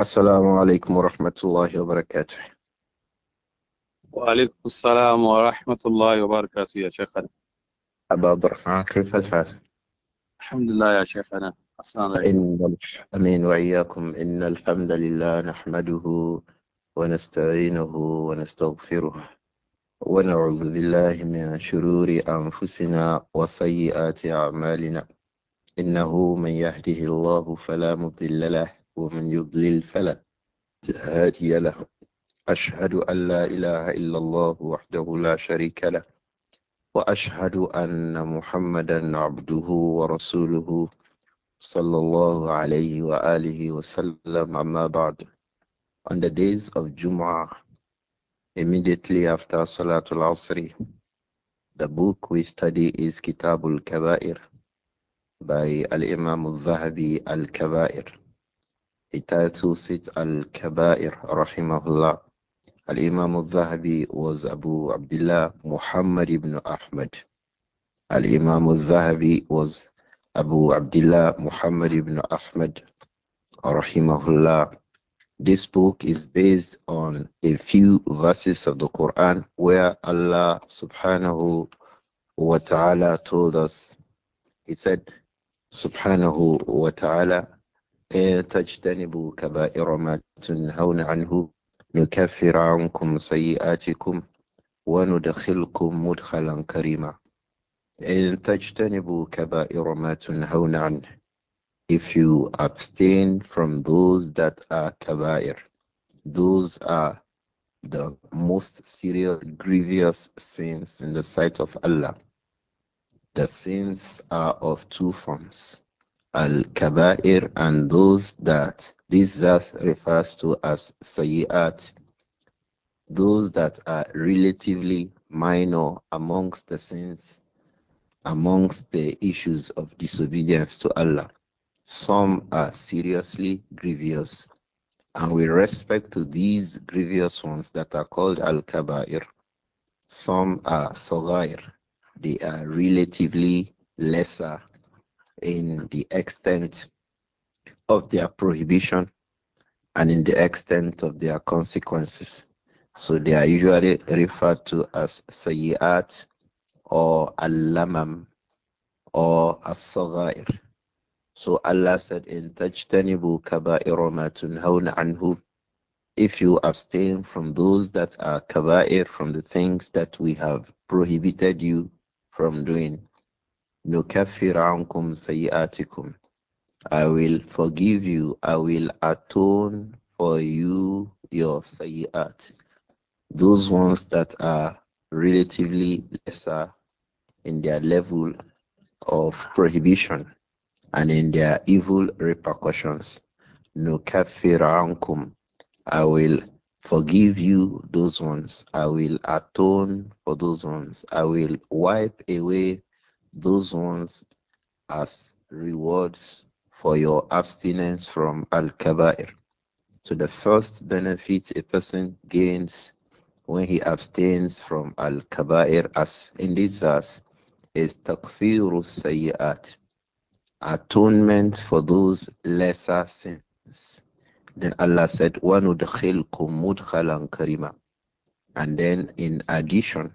السلام عليكم ورحمة الله وبركاته وعليكم السلام ورحمة الله وبركاته يا شيخنا أبا عبد الرحمن كيف الحال؟ الحمد لله يا شيخنا السلام عليكم أمين وإياكم إن الحمد لله نحمده ونستعينه ونستغفره ونعوذ بالله من شرور أنفسنا وسيئات أعمالنا إنه من يهده الله فلا مضل له ومن يضلل فلا هادي له أشهد أن لا إله إلا الله وحده لا شريك له وأشهد أن محمدا عبده ورسوله صلى الله عليه وآله وسلم أما بعد On the days of Jum'ah, immediately after Salatul Asri, the book we study is Kitabul Kabair by Al-Imam Al-Zahabi Al-Kabair. He title it Al Kaba'ir, Rahimahullah. Al Imam al Zahabi was Abu Abdullah Muhammad ibn Ahmad. Al Imam al Zahabi was Abu Abdullah Muhammad ibn Ahmad, Rahimahullah. This book is based on a few verses of the Quran where Allah subhanahu wa ta'ala told us, He said, subhanahu wa ta'ala, تجتنبوا كبائر ما تنهون عنه نكفر عنكم سيئاتكم وندخلكم مدخلا كريما إن تجتنبوا كبائر ما تنهون عنه if you abstain from those that are kabair those are the most serious grievous sins in the sight of Allah the sins are of two forms al-kaba'ir and those that this verse refers to as sayyat, those that are relatively minor amongst the sins, amongst the issues of disobedience to Allah. Some are seriously grievous, and with respect to these grievous ones that are called al-kaba'ir, some are saghair, they are relatively lesser in the extent of their prohibition and in the extent of their consequences. So they are usually referred to as sayyat or al-lamam or as-saghair. So Allah said in tajtanibu kaba'ira ma anhu if you abstain from those that are kaba'ir from the things that we have prohibited you from doing نُكَفِّرْ عَنْكُمْ سَيِّئَاتِكُمْ I will forgive you, I will atone for you your sayyat. Those ones that are relatively lesser in their level of prohibition and in their evil repercussions. Nukafir ankum. I will forgive you those ones. I will atone for those ones. I will wipe away those ones as rewards for your abstinence from Al Kaba'ir. So the first benefit a person gains when he abstains from Al Kaba'ir, as in this verse, is Takfiru Sayyat, atonement for those lesser sins. Then Allah said, One وَنُدْخِلْكُمْ مُدْخَلًا karima, And then in addition,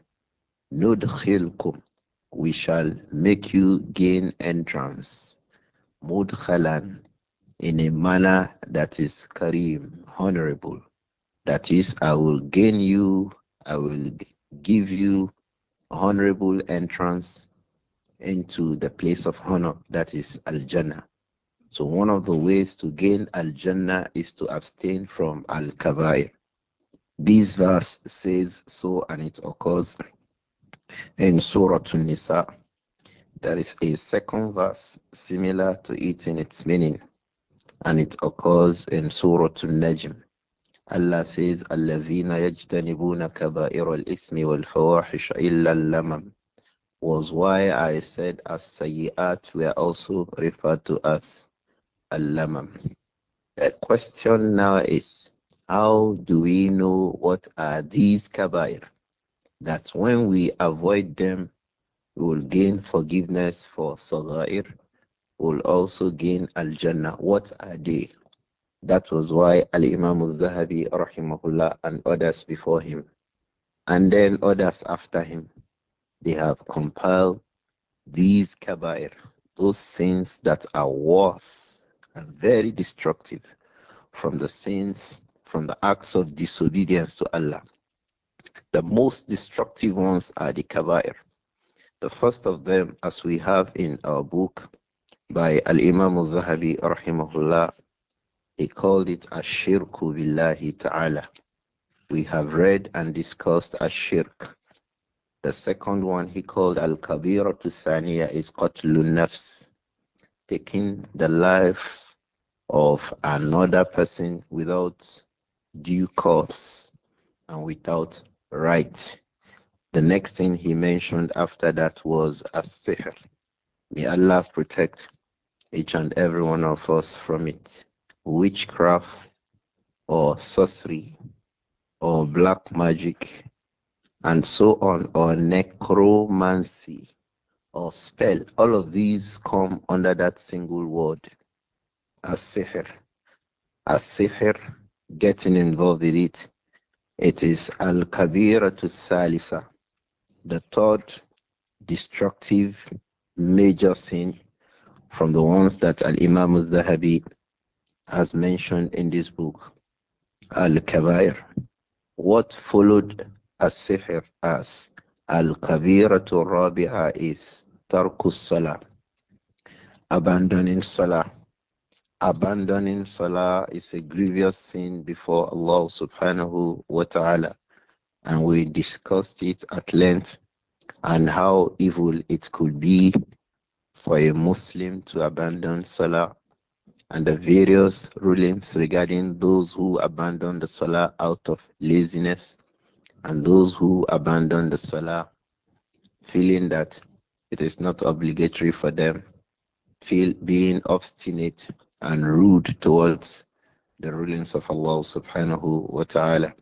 kum we shall make you gain entrance, mudkhalan, in a manner that is kareem, honorable. That is, I will gain you, I will give you honorable entrance into the place of honor, that is Al Jannah. So, one of the ways to gain Al Jannah is to abstain from Al Kabair. This verse says so, and it occurs in Surah An-Nisa, there is a second verse similar to it in its meaning, and it occurs in Surah An-Najm. Allah says, الَّذِينَ يَجْتَنِبُونَ كَبَائِرَ الْإِثْمِ وَالْفَوَاحِشَ إِلَّا اللَّمَمْ was why I said as sayyat were also referred to as al-lamam. The question now is, how do we know what are these kabair? that when we avoid them, we will gain forgiveness for Sadair, will also gain Al Jannah. What are they? That was why Al Imam al Zahabi rahimahullah, and others before him, and then others after him, they have compiled these kabair, those sins that are worse and very destructive from the sins, from the acts of disobedience to Allah. The most destructive ones are the kaba'ir. The first of them, as we have in our book by Al Imam al Zahabi, rahimahullah, he called it Ashirku billahi ta'ala. We have read and discussed Ashirk. The second one he called Al Kabira to Thaniya is Qatlun Nafs, taking the life of another person without due cause and without right. The next thing he mentioned after that was as-sihr. May Allah protect each and every one of us from it. Witchcraft or sorcery or black magic and so on or necromancy or spell. All of these come under that single word. As-sihr. As-sihr, getting involved in it it is Al Kabira to Salisa, the third destructive major sin from the ones that Al Imam al Zahabi has mentioned in this book, Al kabir What followed as Sihr as Al Kabira to Rabi'a is Tarkus Salah, abandoning Salah abandoning salah is a grievous sin before Allah subhanahu wa ta'ala. And we discussed it at length and how evil it could be for a Muslim to abandon salah and the various rulings regarding those who abandon the salah out of laziness and those who abandon the salah feeling that it is not obligatory for them feel being obstinate and rude towards the rulings of Allah subhanahu wa ta'ala.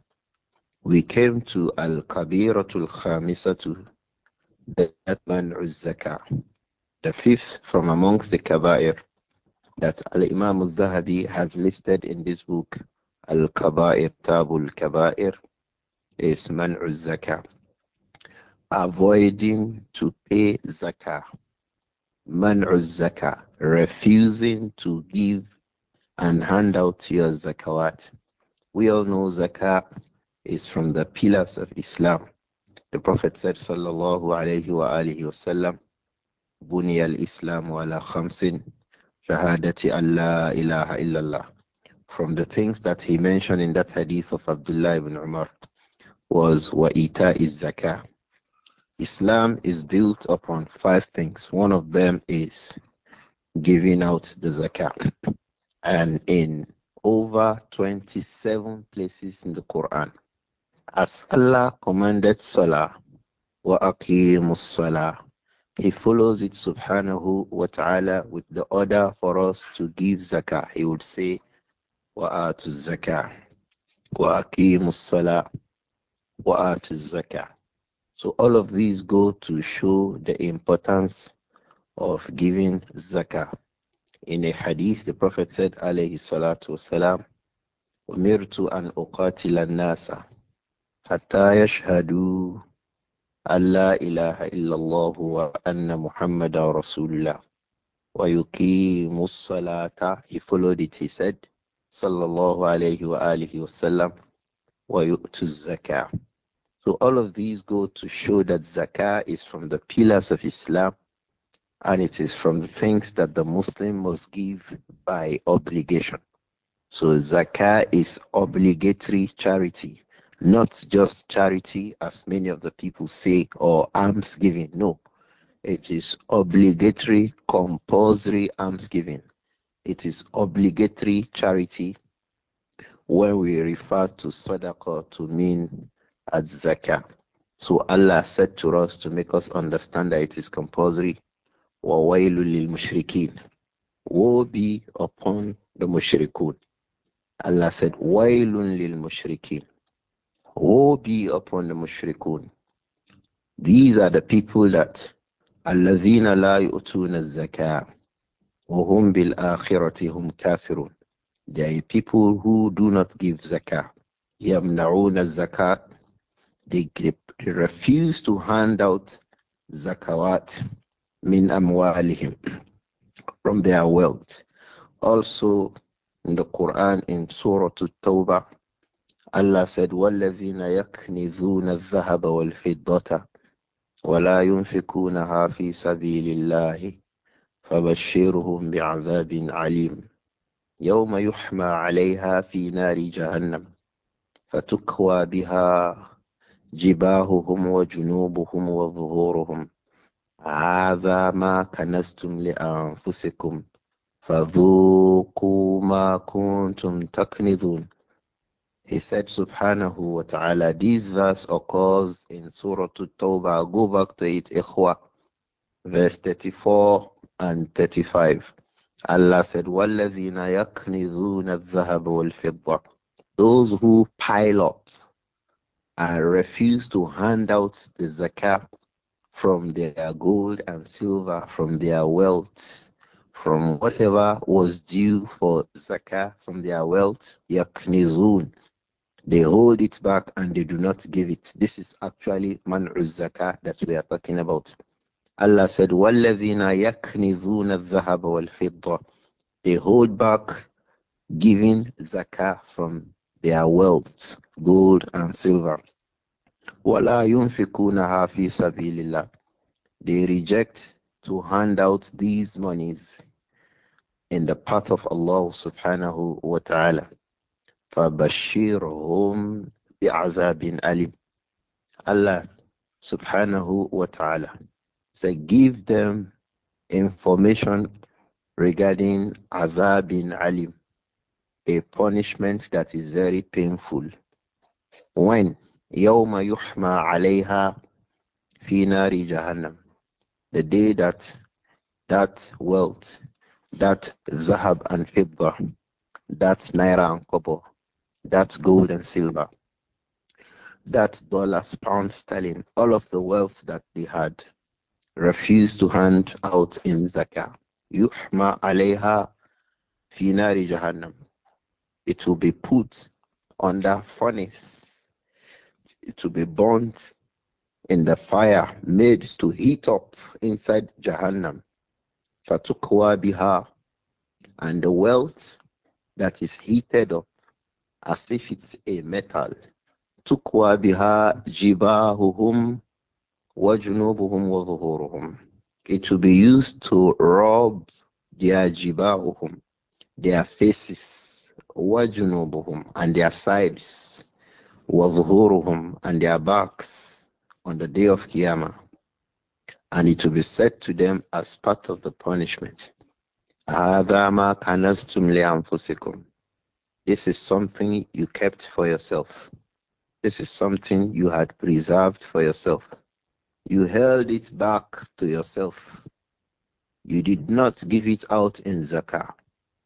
We came to Al Kabiratul Khamisatu, the Man'uz Zakah, the fifth from amongst the Kabair that Al Imam al Zahabi has listed in this book, Al Kabair Tabul Kabair, is Man Zakah, avoiding to pay Zakah man'u zakah, refusing to give and hand out your zakawat. We all know zakah is from the pillars of Islam. The Prophet said, sallallahu alayhi wa wasallam, بني الإسلام على خمس شهادة أن لا إله إلا From the things that he mentioned in that hadith of Abdullah ibn Umar was Wa وإيتاء Zakah. Islam is built upon five things. One of them is giving out the zakat. And in over 27 places in the Quran, as Allah commanded Salah, wa aqimus Salah, He follows it subhanahu wa ta'ala with the order for us to give zakah. He would say, wa atu zakah, wa aqimus Salah, wa atu zakah. So all of these go to show the importance of giving zakah. In a hadith, the Prophet said, alayhi salatu wasalam, أمرت أن أقاتل الناس حتى يشهدوا أن لا إله إلا الله وأن محمدا رسول الله ويقيموا الصلاة He followed it, he said, صلى الله عليه وآله وسلم ويؤتوا الزكاة so all of these go to show that zakah is from the pillars of Islam and it is from the things that the Muslim must give by obligation. So zakah is obligatory charity, not just charity as many of the people say or alms giving. No, it is obligatory, compulsory alms giving. It is obligatory charity when we refer to sadaqah to mean at zakah. So Allah said to us to make us understand that it is compulsory. وَوَيْلُ لِلْمُشْرِكِينَ Woe be upon the mushrikun. Allah said, lil mushrikin. Woe be upon the mushrikun. These are the people that الَّذِينَ لَا يُؤْتُونَ الزَّكَاةَ وَهُمْ بِالْآخِرَةِ هُمْ كَافِرُونَ They are people who do not give zakah. يَمْنَعُونَ الزَّكَاةَ they, they, refuse to hand out zakawat min amwalihim from their wealth. Also in the Quran in Surah At-Tawbah, Allah said, وَالَّذِينَ يَكْنِذُونَ الذَّهَبَ وَالْفِضَّةَ وَلَا يُنْفِقُونَهَا فِي سَبِيلِ اللَّهِ فَبَشِّرْهُمْ بِعَذَابٍ عَلِيمٍ يوم يحمى عليها في نار جهنم فتكوى بها جباههم وجنوبهم وظهورهم هذا ما كنستم لأنفسكم فذوقوا ما كنتم تكنذون He said subhanahu wa ta'ala, this verse occurs in Surah At-Tawbah. Go back to it, ikhwa. Verse 34 and 35. Allah said, وَالَّذِينَ يَكْنِذُونَ الذَّهَبَ وَالْفِضَّةِ Those who pile up and refuse to hand out the zakat from their gold and silver, from their wealth, from whatever was due for zakah from their wealth, yaknizun. They hold it back and they do not give it. This is actually man'uz zakat that we are talking about. Allah said, وَالَّذِينَ يَكْنِزُونَ الذَّهَبَ وَالْفِضَّةَ They hold back giving zakah from their wealth, gold and silver. وَلَا يُنْفِقُونَهَا فِي hafi اللَّهِ They reject to hand out these monies in the path of Allah subhanahu wa ta'ala. فَبَشِّرْهُمْ بِعَذَابٍ أَلِيمٍ Allah subhanahu wa ta'ala say so give them information regarding azabin alim a punishment that is very painful. When يوم يحمى عليها في نار جهنم the day that that wealth that zahab and fidda that naira and kobo that gold and silver that dollars pounds sterling all of the wealth that they had refused to hand out in zakah yuhma alayha fi nari jahannam it will be put under furnace. It will be burnt in the fire made to heat up inside Jahannam. Fatukwa biha. And the wealth that is heated up as if it's a metal. Tukwa biha jibahuhum wajunubuhum wazuhuruhum. It will be used to rub their jibahuhum, their faces وَجُنُوبُهُمْ and their sides, وَظُهُورُهُمْ and their backs on the day of Qiyamah. And it will be said to them as part of the punishment. This is something you kept for yourself. This is something you had preserved for yourself. You held it back to yourself. You did not give it out in zakah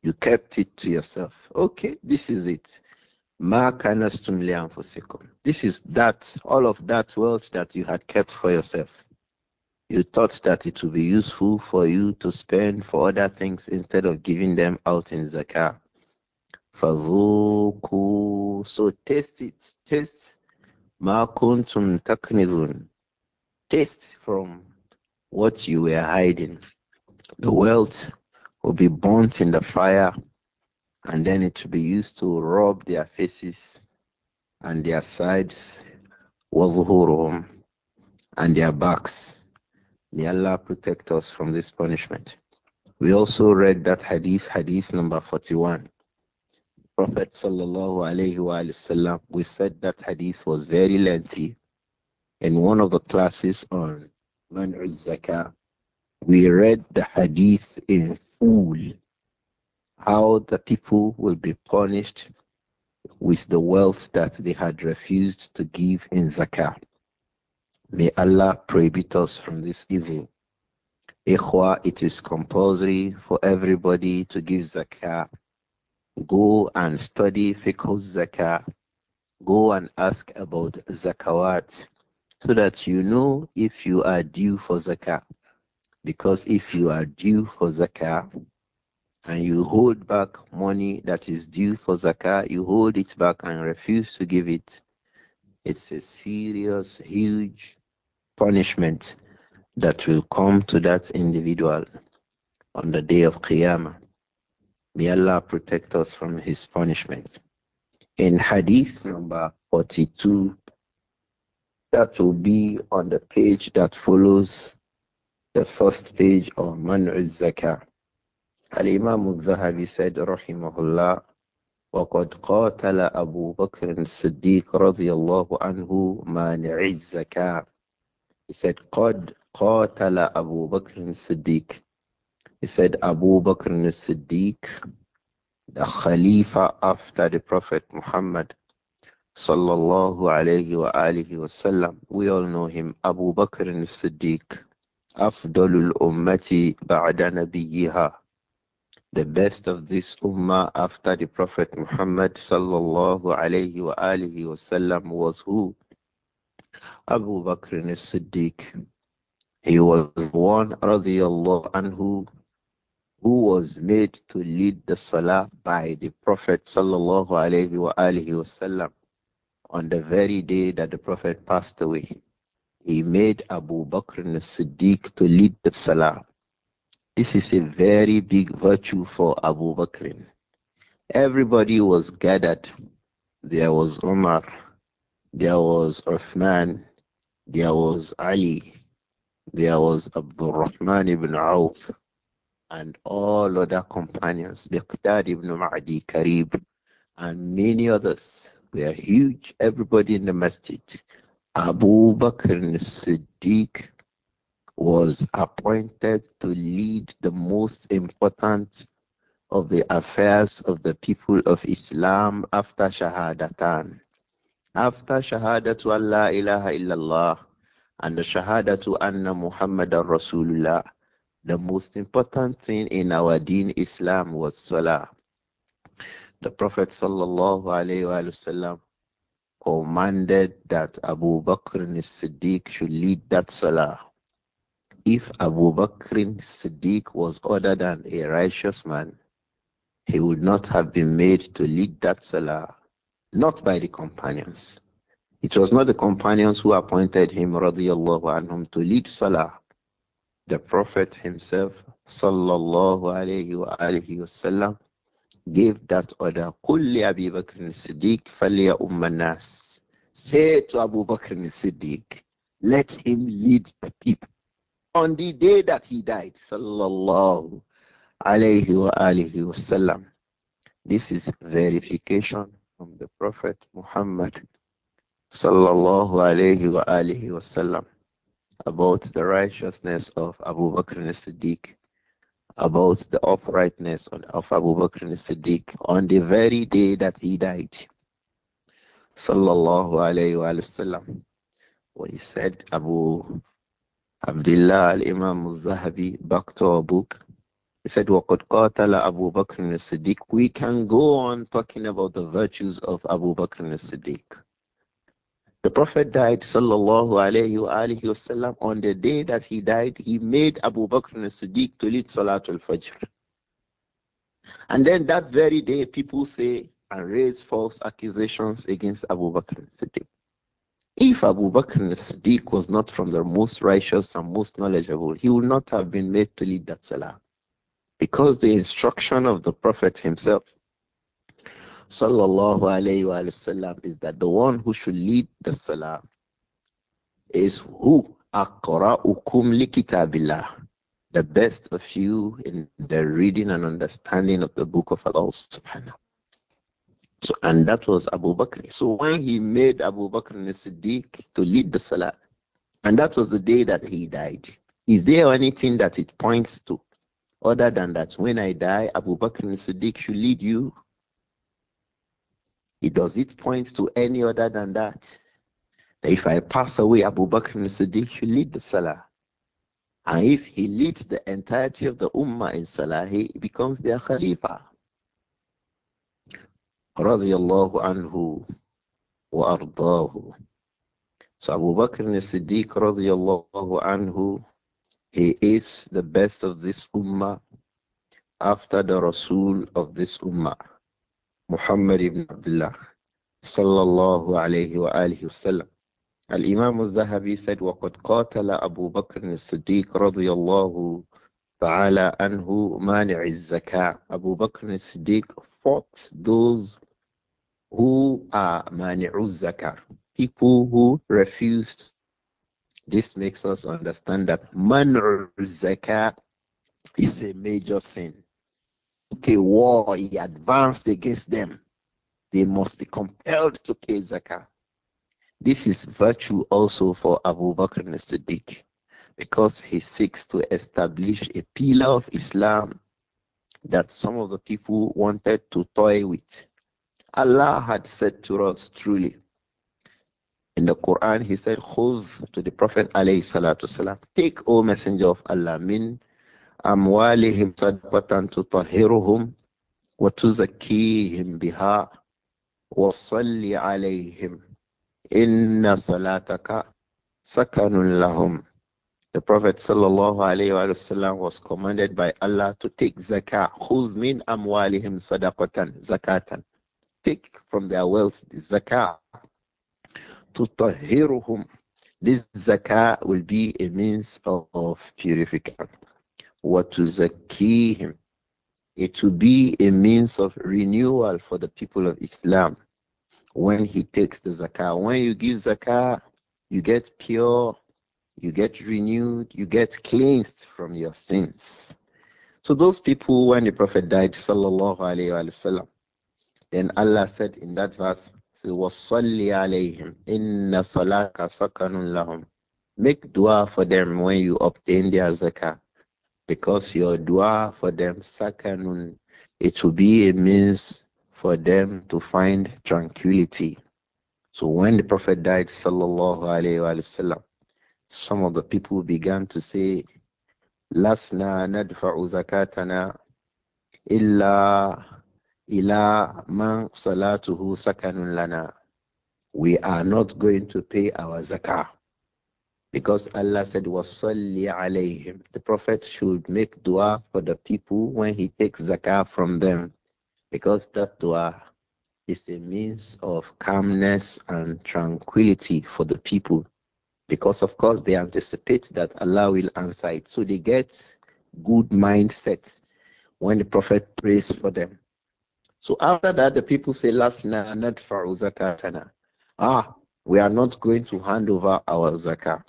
you kept it to yourself. Okay, this is it. This is that, all of that wealth that you had kept for yourself. You thought that it would be useful for you to spend for other things instead of giving them out in zakah. فَذُوقُوا So taste it, taste مَا كُنْتُمْ تَكْنِذُونَ Taste from what you were hiding, the wealth will be burnt in the fire and then it will be used to rub their faces and their sides, wazuhurum, and their backs. May Allah protect us from this punishment. We also read that hadith, hadith number 41. Prophet sallallahu alayhi wa sallam, we said that hadith was very lengthy. In one of the classes on Man'uz Zakah, we read the hadith in fool, how the people will be punished with the wealth that they had refused to give in zakah. May Allah prohibit us from this evil. Ikhwa, it is compulsory for everybody to give zakah. Go and study fiqh zakah. Go and ask about zakawat so that you know if you are due for zakah. Because if you are due for zakah and you hold back money that is due for zakah, you hold it back and refuse to give it, it's a serious, huge punishment that will come to that individual on the day of Qiyamah. May Allah protect us from his punishment. In Hadith number 42, that will be on the page that follows the first page of Man'u Zakah. Al-Imam al-Zahabi said, Rahimahullah, وقد قاتل أبو بكر الصديق رضي الله عنه مانع الزكاة. He said, قد قاتل أبو بكر الصديق. He said, Abu Bakr al-Siddiq, the Khalifa after the Prophet Muhammad sallallahu alayhi wa alihi wasallam. We all know him, Abu Bakr al-Siddiq أفضل الأمة بعد نبيها the best of this ummah after the Prophet Muhammad sallallahu alayhi wa alihi wasallam was who? Abu Bakr as-Siddiq. He was one radiyallahu anhu who was made to lead the salah by the Prophet sallallahu alayhi wa alihi wasallam on the very day that the Prophet passed away he made Abu Bakr as-Siddiq to lead the Salah. This is a very big virtue for Abu Bakr. Everybody was gathered. There was Umar, there was Uthman, there was Ali, there was Abdul Rahman ibn Auf, and all other companions, Biqdad ibn Ma'di Karib, and many others. We are huge, everybody in the masjid. Abu Bakr Siddiq was appointed to lead the most important of the affairs of the people of Islam after Shahadatan. After Shahadatu Allah ilaha illallah and the Shahadatu Anna Muhammadan Rasulullah, the most important thing in our deen Islam was Salah. The Prophet sallallahu alayhi wa sallam commanded that Abu Bakr Siddiq should lead that salah. If Abu Bakr Siddiq was other than a righteous man, he would not have been made to lead that salah, not by the companions. It was not the companions who appointed him radiallahu anhu to lead salah. The Prophet himself, sallallahu alayhi wa alayhi wasallam, gave that order, Kulli Abu Bakr Siddiq, Falia Ummanas. Say to Abu Bakr Siddiq, let him lead the people. On the day that he died, sallallahu alayhi wa alihi wasallam. This is verification from the Prophet Muhammad sallallahu alayhi wa alihi wasallam about the righteousness of Abu Bakr Siddiq about the uprightness of Abu Bakr as-Siddiq on the very day that he died. Sallallahu alayhi wasallam. what he said, Abu Abdullah al-Imam al-Zahabi, back to our book, he said, وَقَدْ قَاتَلَ Abu Bakr al siddiq We can go on talking about the virtues of Abu Bakr al siddiq the Prophet died sallallahu alayhi wa alayhi wasallam, on the day that he died, he made Abu Bakr as-Siddiq to lead Salatul Fajr. And then that very day, people say and raise false accusations against Abu Bakr as-Siddiq. If Abu Bakr as-Siddiq was not from the most righteous and most knowledgeable, he would not have been made to lead that salah. Because the instruction of the Prophet himself sallallahu alayhi wa sallam is that the one who should lead the salah is who aqra'ukum li kitabillah the best of you in the reading and understanding of the book of Allah subhanahu so, and that was Abu Bakr. So when he made Abu Bakr as-Siddiq to lead the Salah, and that was the day that he died, is there anything that it points to other than that when I die, Abu Bakr as-Siddiq should lead you? It does it point to any other than that? that if I pass away, Abu Bakr and Siddiq should lead the Salah. And if he leads the entirety of the Ummah in Salah, he becomes their Khalifa. Radiallahu anhu wa ardahu. So Abu Bakr and Siddiq radiallahu anhu, he is the best of this Ummah after the Rasul of this Ummah. Muhammad ibn Abdullah sallallahu alayhi wa alihi wasallam. Al-Imam al-Zahabi said, وَقَدْ قَاتَلَ أَبُو بَكْرٍ الصِّدِّيقِ رَضِيَ اللَّهُ ta'ala anhu al zakah. Abu Bakr al siddiq fought those who are al zakah, people who refused. This makes us understand that al zakah is a major sin a war, he advanced against them, they must be compelled to pay zakah. This is virtue also for Abu Bakr al-Siddiq because he seeks to establish a pillar of Islam that some of the people wanted to toy with. Allah had said to us truly in the Quran, He said, Khuz to the Prophet alayhi salatu salam, take, O Messenger of Allah, min أموالهم صدقة تطهرهم وتزكيهم بها وصل عليهم إن صلاتك سكن لهم The Prophet sallallahu alayhi wa sallam was commanded by Allah to take zakah. خُذْ مِنْ أَمْوَالِهِمْ صَدَقَةً زَكَاةً Take from their wealth the zakah. تُطَهِّرُهُمْ This zakah will be a means of, of purification. وَتُزَكِّيهِمْ It will be a means of renewal for the people of Islam when he takes the zakah. When you give zakah, you get pure, you get renewed, you get cleansed from your sins. So those people, when the Prophet died, sallallahu alaihi wasallam, then Allah said in that verse, وَصَلِّ عَلَيْهِمْ إِنَّ صَلَاكَ سَكَنٌ lahum. Make dua for them when you obtain their zakah because your dua for them sakanun it will be a means for them to find tranquility so when the prophet died sallallahu alaihi wasallam some of the people began to say lasna nadfa'u zakatana illa ila man salatuhu sakanun lana we are not going to pay our zakah because Allah said, Wasalli alayhim. The Prophet should make dua for the people when he takes zakah from them. Because that dua is a means of calmness and tranquility for the people. Because, of course, they anticipate that Allah will answer it. So they get good mindset when the Prophet prays for them. So after that, the people say, Lasna night for zakatana. Ah, we are not going to hand over our zakah.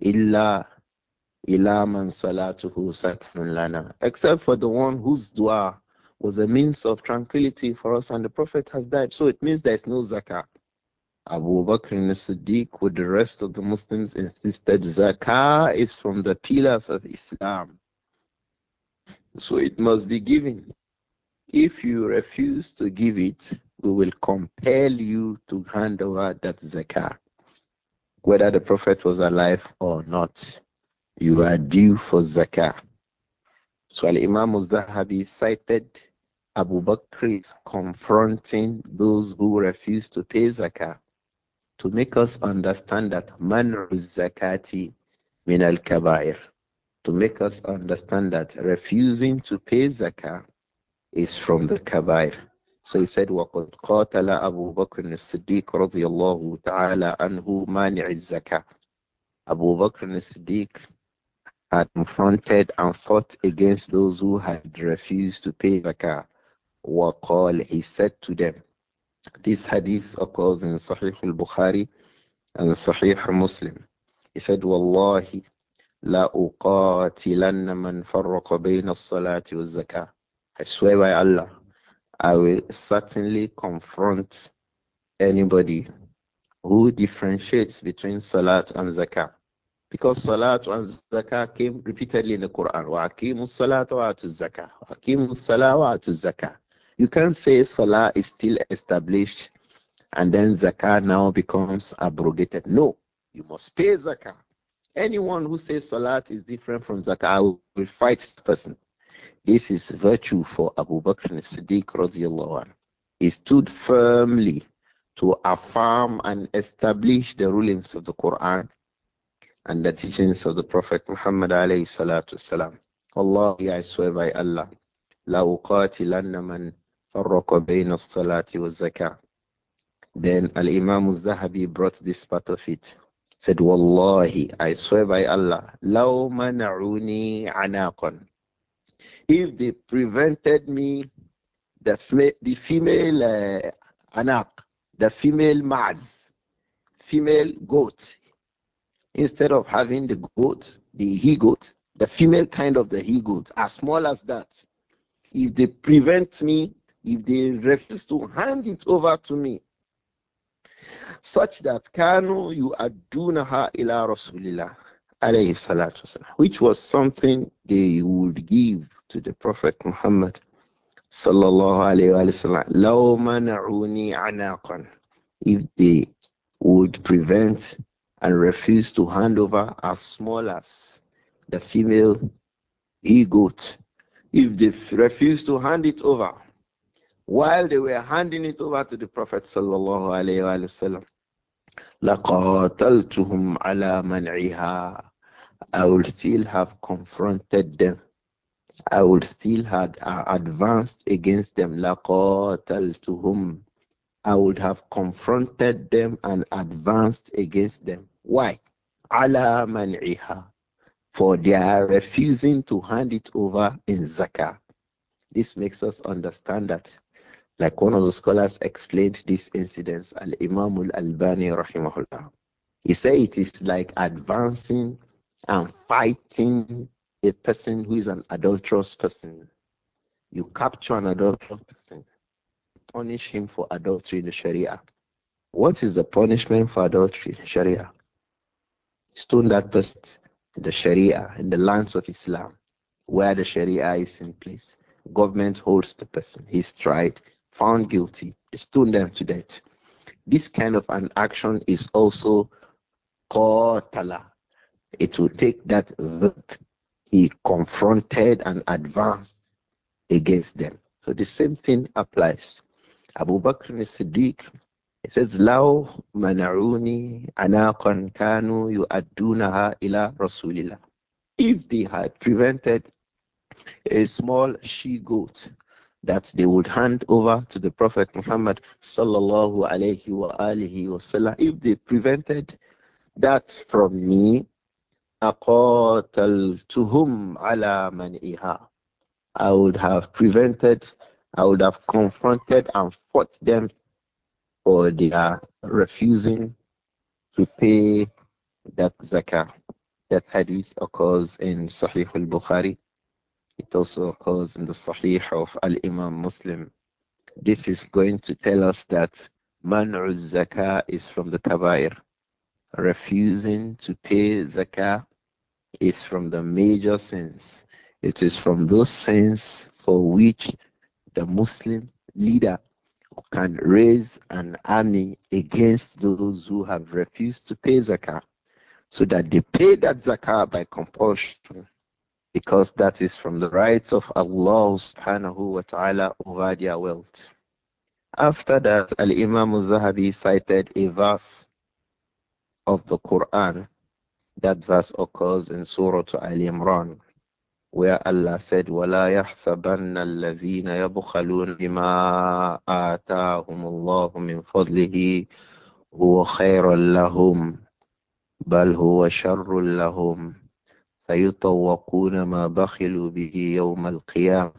Illa illa man salatuhu sakfun lana. Except for the one whose dua was a means of tranquility for us and the Prophet has died. So it means there is no zakat. Abu Bakr al Siddiq with the rest of the Muslims insisted zakah is from the pillars of Islam. So it must be given. If you refuse to give it, we will compel you to hand over that zakah whether the Prophet was alive or not, you are due for zakah. So Al Imam al Zahabi cited Abu Bakr confronting those who refuse to pay zakah to make us understand that man zakati min al kabair to make us understand that refusing to pay zakah is from the kabair So he said, وَقَدْ قَاتَلَ أَبُو بَكْرٍ الصِّدِّيقُ رَضِيَ اللَّهُ تَعَالَى أَنْهُ مَانِعِ الزَّكَاةِ Abu Bakr al-Siddiq had confronted and fought against those who had refused to pay zakah. وَقَالَ He said to them, this hadith occurs in Sahih al-Bukhari and Sahih al Muslim. He said, وَاللَّهِ لَأُقَاتِلَنَّ مَنْ فَرَّقَ بَيْنَ الصَّلَاةِ وَالزَّكَاةِ I swear by Allah, I will certainly confront anybody who differentiates between Salat and Zakah. Because Salat and Zakah came repeatedly in the Quran. Salat wa Zakah. Salat wa Zakah. You can't say Salah is still established and then Zakah now becomes abrogated. No, you must pay Zakah. Anyone who says Salat is different from Zakah will fight this person. This is virtue for Abu Bakr Siddiq radiallahu anh. He stood firmly to affirm and establish the rulings of the Quran and the teachings of the Prophet Muhammad alayhi salatu salam. Wallahi, I swear by Allah, la uqatilanna man farraqa bayna salati wa zakah. Then Al-Imam al-Zahabi brought this part of it. Said, Wallahi, I swear by Allah, law mana'uni anaqan if they prevented me the, the female uh, anak, the female maz, female goat, instead of having the goat, the he goat, the female kind of the he goat, as small as that, if they prevent me, if they refuse to hand it over to me, such that kanu you ha ila rasulillah which was something they would give to the Prophet Muhammad sallallahu alayhi wa If they would prevent and refuse to hand over as small as the female e-goat, if they refused to hand it over, while they were handing it over to the Prophet sallallahu alayhi wa I would still have confronted them. I would still had uh, advanced against them. to whom I would have confronted them and advanced against them. Why? عَلَى مَنْعِهَا For they are refusing to hand it over in zakah. This makes us understand that, like one of the scholars explained this incident, Al-Imam Al-Albani rahimahullah. He said it is like advancing and fighting a person who is an adulterous person. You capture an adulterous person, punish him for adultery in the Sharia. What is the punishment for adultery in Sharia? Stone that person in the Sharia, in the lands of Islam, where the Sharia is in place. Government holds the person. He's tried, found guilty, stone them to death. This kind of an action is also qatala, it will take that look he confronted and advanced against them. So the same thing applies. Abu Bakr al-Siddiq it says, Law manaruni anakon kanu yu'addunaha ila rasulillah. If they had prevented a small she-goat that they would hand over to the Prophet Muhammad sallallahu alayhi wa alihi wasallam, if they prevented that from me, أَقَاتَلْتُهُمْ عَلَى مَنْئِهَا I would have prevented, I would have confronted and fought them for their refusing to pay that zakah. That hadith occurs in Sahih al-Bukhari. It also occurs in the Sahih of Al-Imam Muslim. This is going to tell us that man'u zakah is from the kabair. Refusing to pay zakah is from the major sins. It is from those sins for which the Muslim leader can raise an army against those who have refused to pay zakah so that they pay that zakah by compulsion because that is from the rights of Allah subhanahu wa ta'ala over their wealth. After that, Al Imam al Zahabi cited a verse of the Quran That verse occurs in Surah Al Imran, where Allah said, وَلَا يَحْسَبَنَّ الَّذِينَ يَبْخَلُونَ بِمَا آتَاهُمُ اللَّهُ مِنْ فَضْلِهِ هُوَ خَيْرٌ لَهُمْ بَلْ هُوَ شَرٌّ لَهُمْ فيطوقون ما بخلوا به يوم القيامة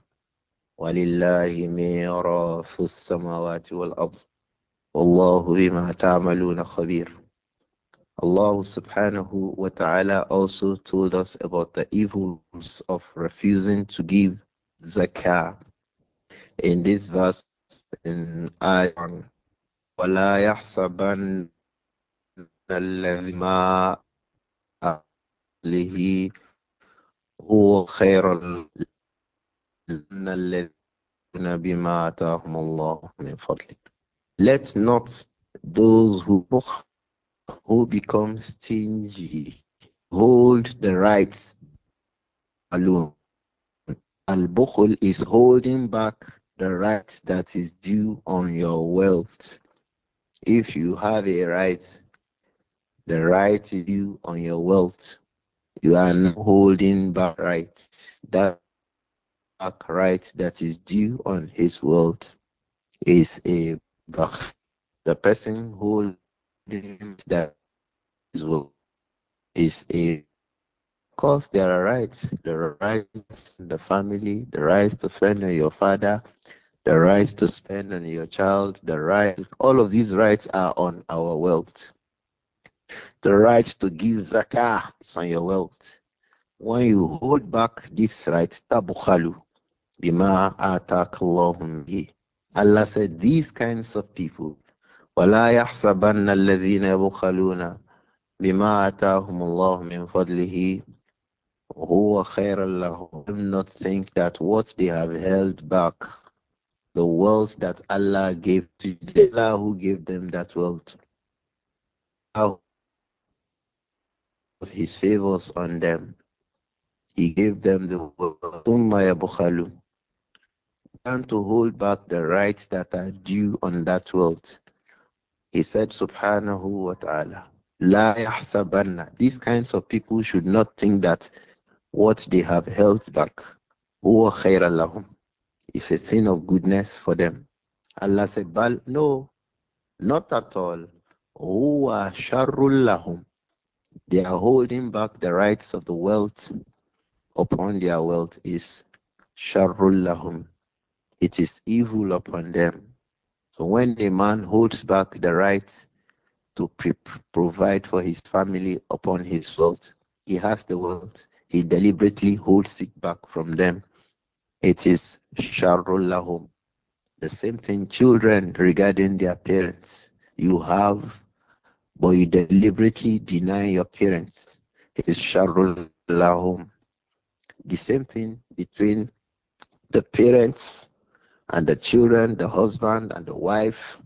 ولله ميراث السماوات والأرض والله بما تعملون خبير Allah subhanahu wa ta'ala also told us about the evils of refusing to give zakah. In this verse in Ayah, وَلَا يَحْسَبَنَّ الَّذِي مَا أَهْلِهِ هُوَ خَيْرًا لَنَّ الَّذِينَ بِمَا آتَاهُمُ اللَّهُ مِنْ فَضْلِهِ Let not those who who become stingy, hold the rights alone. Al Bukhul is holding back the right that is due on your wealth. If you have a right, the right is due on your wealth. You are not holding back rights. That back right that is due on his wealth is a bach. The person who things that is well. is a of course there are rights the rights in the family the rights to spend on your father the rights to spend on your child the right all of these rights are on our wealth the right to give zakah is on your wealth when you hold back this right tabukhalu bima atakallahu Allah said these kinds of people ولا يحسبن الذين يبخلون بما آتاهم الله من فضله هو خير لهم. Do not think that what they have held back, the wealth that Allah gave to them, Allah who gave them that wealth, how of His favors on them, He gave them the wealth. And to hold back the rights that are due on that wealth. He said, Subhanahu wa ta'ala, La yahsabanna. These kinds of people should not think that what they have held back, huwa khayran lahum. is a thing of goodness for them. Allah said, Bal, no, not at all. Huwa sharrul lahum. They are holding back the rights of the wealth upon their wealth is sharrul lahum. It is evil upon them. So when a man holds back the right to provide for his family upon his wealth, he has the wealth. He deliberately holds it back from them. It is sharrul lahum. The same thing children regarding their parents. You have, but you deliberately deny your parents. It is sharrul lahum. The same thing between the parents and the children, the husband and the wife,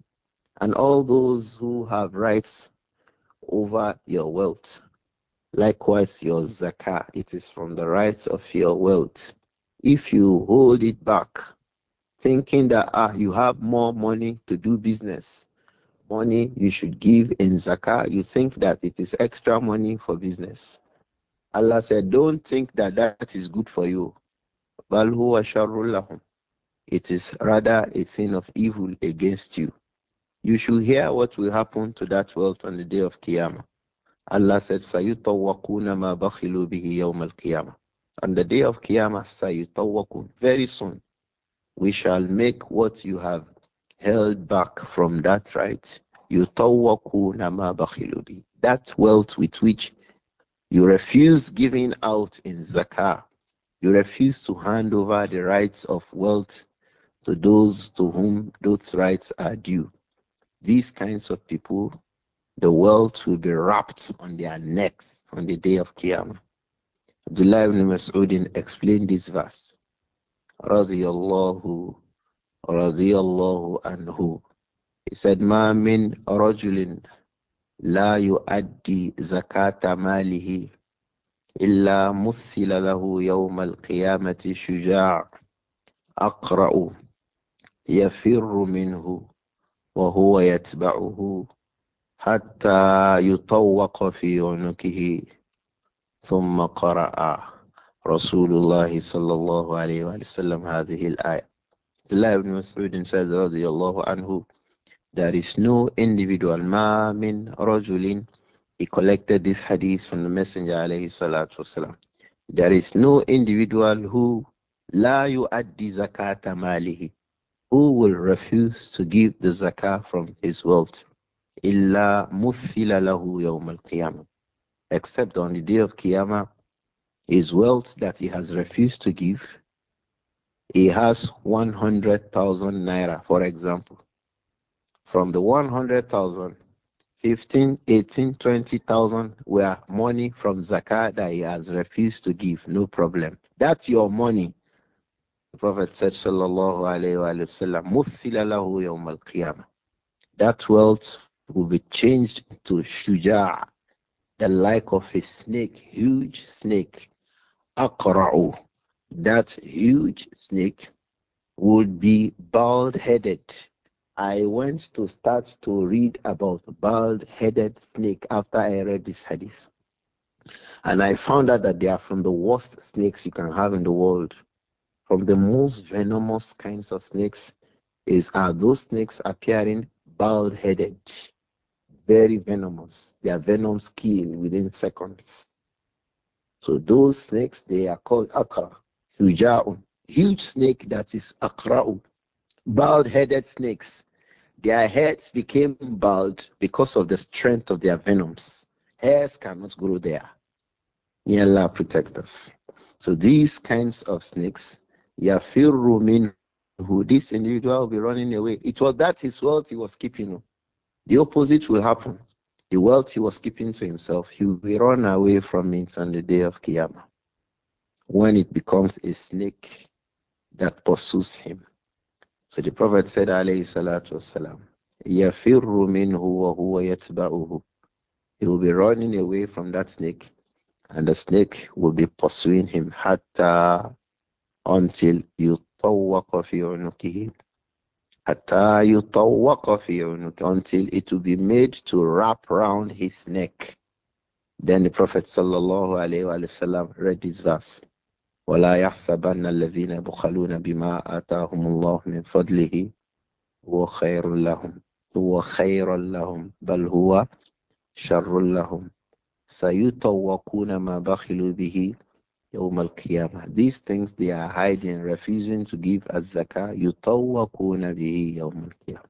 and all those who have rights over your wealth. Likewise, your zakah, it is from the rights of your wealth. If you hold it back, thinking that ah, you have more money to do business, money you should give in zakah, you think that it is extra money for business. Allah said, don't think that that is good for you. بل هو شر لهم it is rather a thing of evil against you. You should hear what will happen to that wealth on the day of Qiyamah. Allah said, Sayutawakuna ma bakhilu bihi yawm al Qiyamah. On the day of Qiyamah, Sayutawakun, very soon, we shall make what you have held back from that right. Yutawakuna ma bakhilu bihi. That wealth with which you refuse giving out in zakah. You refuse to hand over the rights of wealth to those to whom those rights are due. These kinds of people, the wealth will be wrapped on their necks on the day of Qiyamah. Abdullah ibn Mas'udin explained this verse. Radiallahu, radiallahu anhu. He said, Ma min rajulin la yu'addi zakata malihi إلا مثل له يوم القيامة شجاع أقرأ يفر منه وهو يتبعه حتى يطوق في عنقه ثم قرا رسول الله صلى الله عليه وسلم هذه الايه عبد الله بن مسعود سيد رضي الله عنه There is no individual ما رجل He collected this hadith from the messenger عليه الصلاة والسلام There is no individual who لا يؤدي زكاة ماله who will refuse to give the zakah from his wealth illa muthila lahu al except on the day of qiyamah his wealth that he has refused to give he has 100,000 naira for example from the 100,000 15 18 20,000 were money from zakah that he has refused to give no problem that's your money the Prophet said, Sallallahu Alaihi Wasallam, Muthila lahu yawm al qiyamah. That wealth will be changed to shuja', the like of a snake, huge snake. Aqra'u. That huge snake would be bald headed. I went to start to read about bald headed snake after I read this hadith. And I found out that they are from the worst snakes you can have in the world from the most venomous kinds of snakes is are those snakes appearing bald headed, very venomous. Their venoms kill within seconds. So those snakes they are called akra, sujaun, huge snake that is akraun, bald headed snakes. Their heads became bald because of the strength of their venoms. Hairs cannot grow there. May Allah protect us. So these kinds of snakes Yafirru minhu. This individual will be running away. It was that his wealth he was keeping. The opposite will happen. The wealth he was keeping to himself, he will run away from it on the day of Qiyamah. When it becomes a snake that pursues him. So the Prophet said, alayhi salatu wasalam, Yafirru minhu wa huwa yatba'uhu. He will be running away from that snake, and the snake will be pursuing him. Hatta until يطوق في عنقه حتى يطوق في عنقه until it will be made to wrap round his neck then the Prophet sallallahu alayhi wasallam read this verse ولا يحسبن الذين يبخلون بما آتاهم الله من فضله هو خير لهم هو خير لهم بل هو شر لهم سيطوقون ما بخلوا به يوم القيامة. These things they are hiding, refusing to give as zakah. يطوقون به يوم القيامة.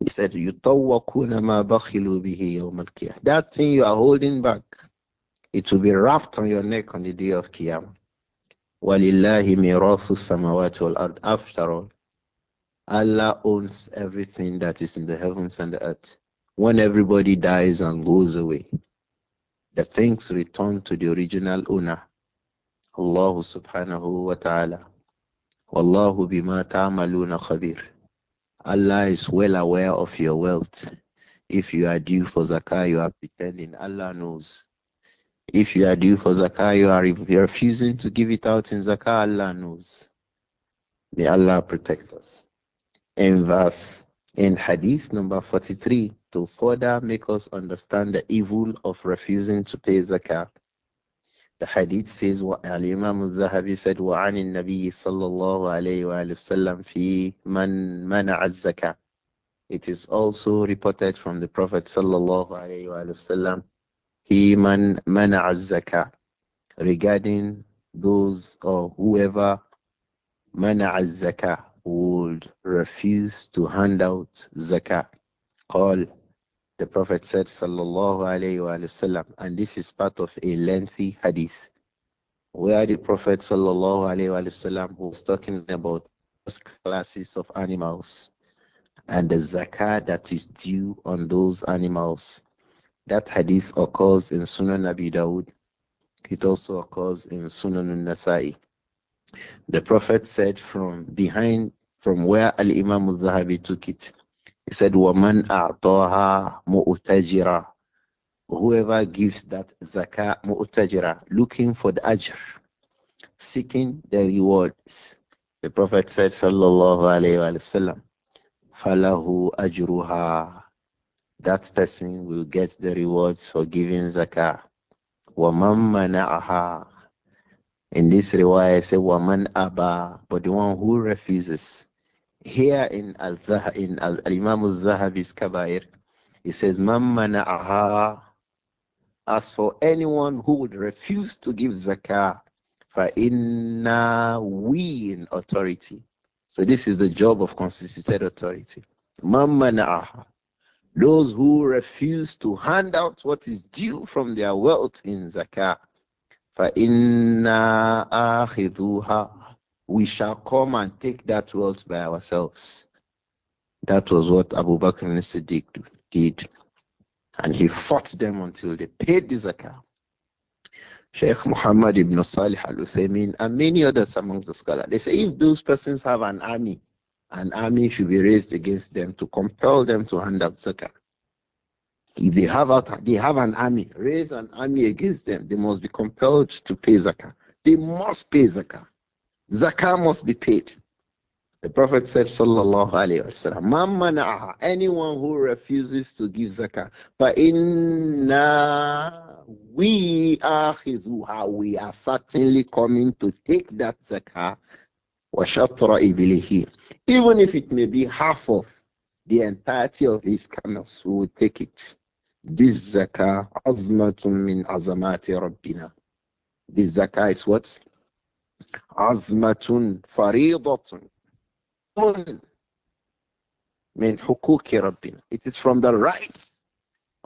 He said, يطوقون ما بخلوا به يوم القيامة. That thing you are holding back, it will be wrapped on your neck on the day of Qiyamah. وَلِلَّهِ مِيرَاثُ السَّمَوَاتِ وَالْأَرْضِ After all, Allah owns everything that is in the heavens and the earth. When everybody dies and goes away, the things return to the original owner. Allah subhanahu wa ta'ala. Wallahu bima ta'amaluna khabir. Allah is well aware of your wealth. If you are due for zakah, you are pretending. Allah knows. If you are due for zakah, you are refusing to give it out in zakah. Allah knows. May Allah protect us. In verse in hadith number 43 to further make us understand the evil of refusing to pay zakat. The hadith says, imam al-Zahabi said, وَعَنِ النَّبِيِّ صَلَّى اللَّهُ عَلَيْهِ وَآلِهِ وَسَلَّمْ فِي مَنْ مَنَعَ الزَّكَاةِ It is also reported from the Prophet sallallahu alayhi wasallam, sallam, فِي مَنْ مَنَعَ الزَّكَاةِ Regarding those or whoever مَنَعَ الزَّكَاةِ would refuse to hand out zakat. All the Prophet said, Sallallahu Alaihi Wasallam, and this is part of a lengthy hadith where the Prophet Sallallahu Alaihi Wasallam was talking about classes of animals and the zakat that is due on those animals. That hadith occurs in Sunan Abi Dawud. It also occurs in Sunan al-Nasai. The Prophet said from behind, from where Al Imam al Zahabi took it, he said, Waman a'taha mu'tajira. Whoever gives that zakah mu'tajira, looking for the ajr, seeking the rewards. The Prophet said, Sallallahu Alaihi Wasallam, Falahu ajruha. That person will get the rewards for giving zakah. وَمَن aha.'" In this riwayah, it says, Waman Aba, but the one who refuses. Here in Al in Al Imam Al Zahabi's Kabair, he says, Aha." As for anyone who would refuse to give zakah, inna we in authority. So this is the job of constituted authority. Aha. Those who refuse to hand out what is due from their wealth in zakah. فَإِنَّا آخِذُوهَا We shall come and take that wealth by ourselves. That was what Abu Bakr and Siddiq did. And he fought them until they paid the zakah. Sheikh Muhammad ibn Salih al Uthaymeen and many others among the scholars, they say if those persons have an army, an army should be raised against them to compel them to hand out zakah. If they have a, they have an army, raise an army against them. They must be compelled to pay zakah. They must pay zakah. Zakah must be paid. The Prophet said, Sallallahu Alaihi Wasallam, anyone who refuses to give zakah, inna we are khizuha, we are certainly coming to take that zakah, وَشَطْرَ إِبِلِهِ Even if it may be half of the entirety of his camels, we will take it. This zakah azmatun min azamati rabbina. This zakah is what? Azmatun faridatun. Min hukuki rabbina. It is from the rights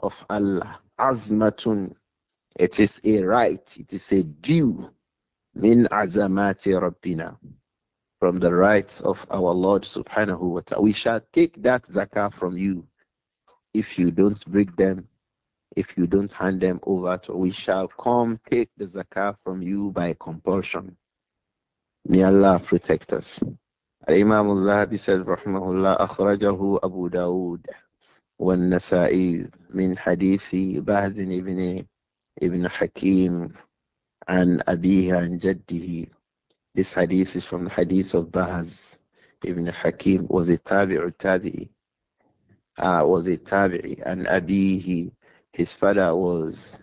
of Allah. Azmatun. It is a right. It is a due. Min azamati rabbina from the rights of our Lord subhanahu wa ta'ala. We shall take that zakah from you if you don't break them, if you don't hand them over to, we shall come take the zakah from you by compulsion. May Allah protect us. Imam Allah said, Rahmahullah, أخرجه أبو داود والنسائي من حديث بهز بن ابن ابن حكيم عن أبيه عن جده. This hadith is from the hadith of Bahaz ibn Hakim, was a tabi'u tabi'i uh, was a tabi'i, and Abihi, his father was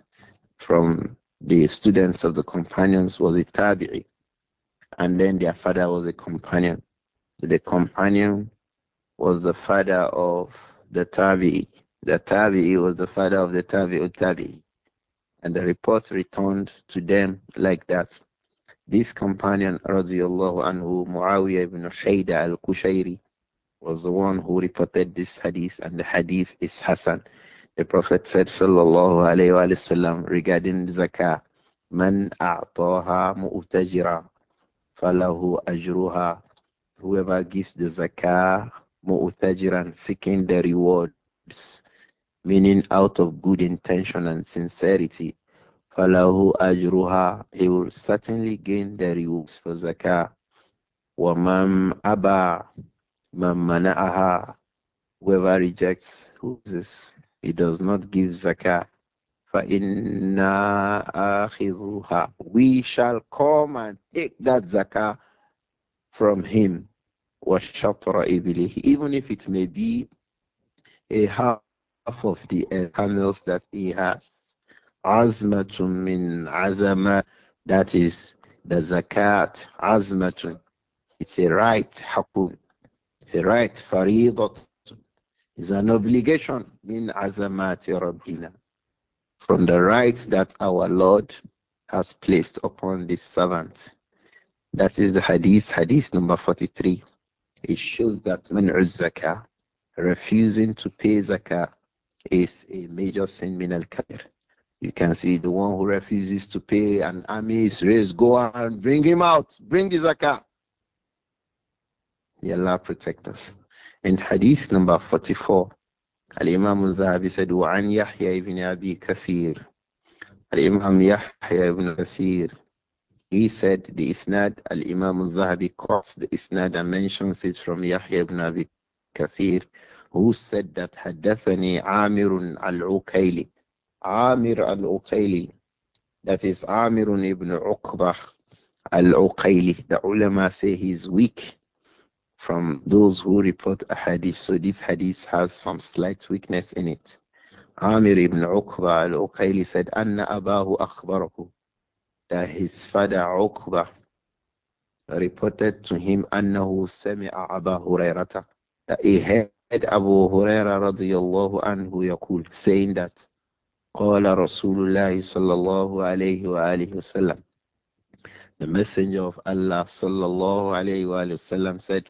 from the students of the companions was a tabi'i, and then their father was a companion. So the companion was the father of the tabi'i. The tabi'i was the father of the or tabi'i, and the report returned to them like that. This companion, radiallahu anhu, Muawiyah ibn Shayda al-Kushayri, was the one who reported this hadith, and the hadith is Hassan. The Prophet said, Sallallahu Alaihi Wasallam, regarding zakah, Man a'taha mu'tajira, falahu ajruha. Whoever gives the zakah, mu'tajiran, seeking the rewards, meaning out of good intention and sincerity, falahu ajruha, he will certainly gain the rewards for zakah. Wamam aba Mamana'aha, whoever rejects, who is this? He does not give zakah. We shall come and take that zakah from him. وَالشَّطْرَ إِبِلِهِ Even if it may be a half of the camels that he has. عَزْمَةٌ مِّنْ عَزَمَةٍ That is the zakat. عَزْمَةٌ It's a right حَقُّ it's a right, faridat. It's an obligation, min azamati rabbina. From the rights that our Lord has placed upon this servant. That is the hadith, hadith number 43. It shows that when zakah, refusing to pay zakah, is a major sin min al kabir. You can see the one who refuses to pay an army is raised, go and bring him out, bring the zakah. May Allah protect us. In hadith number 44, Al-Imam al-Zahabi said, وَعَنْ Yahya ibn Abi Kathir. Al-Imam Yahya ibn Kathir. He said the isnad, Al-Imam al-Zahabi quotes the isnad and mentions it from Yahya ibn Abi Kathir, who said that حدثني عامر al-Uqayli. Amir al-Uqayli. That is Amir ibn Uqbah al-Uqayli. The ulama say he's weak from those who report a hadith. So this hadith has some slight weakness in it. Amir ibn Uqba al-Uqayli said, Anna abahu akhbarahu. That his father Uqba reported to him, Annahu sami'a Aba Hurairata. That he heard Abu Huraira radiyallahu anhu yaqul, saying that, "Qala Rasulullah sallallahu صلى wa عليه وآله the messenger of Allah sallallahu alayhi wa sallam said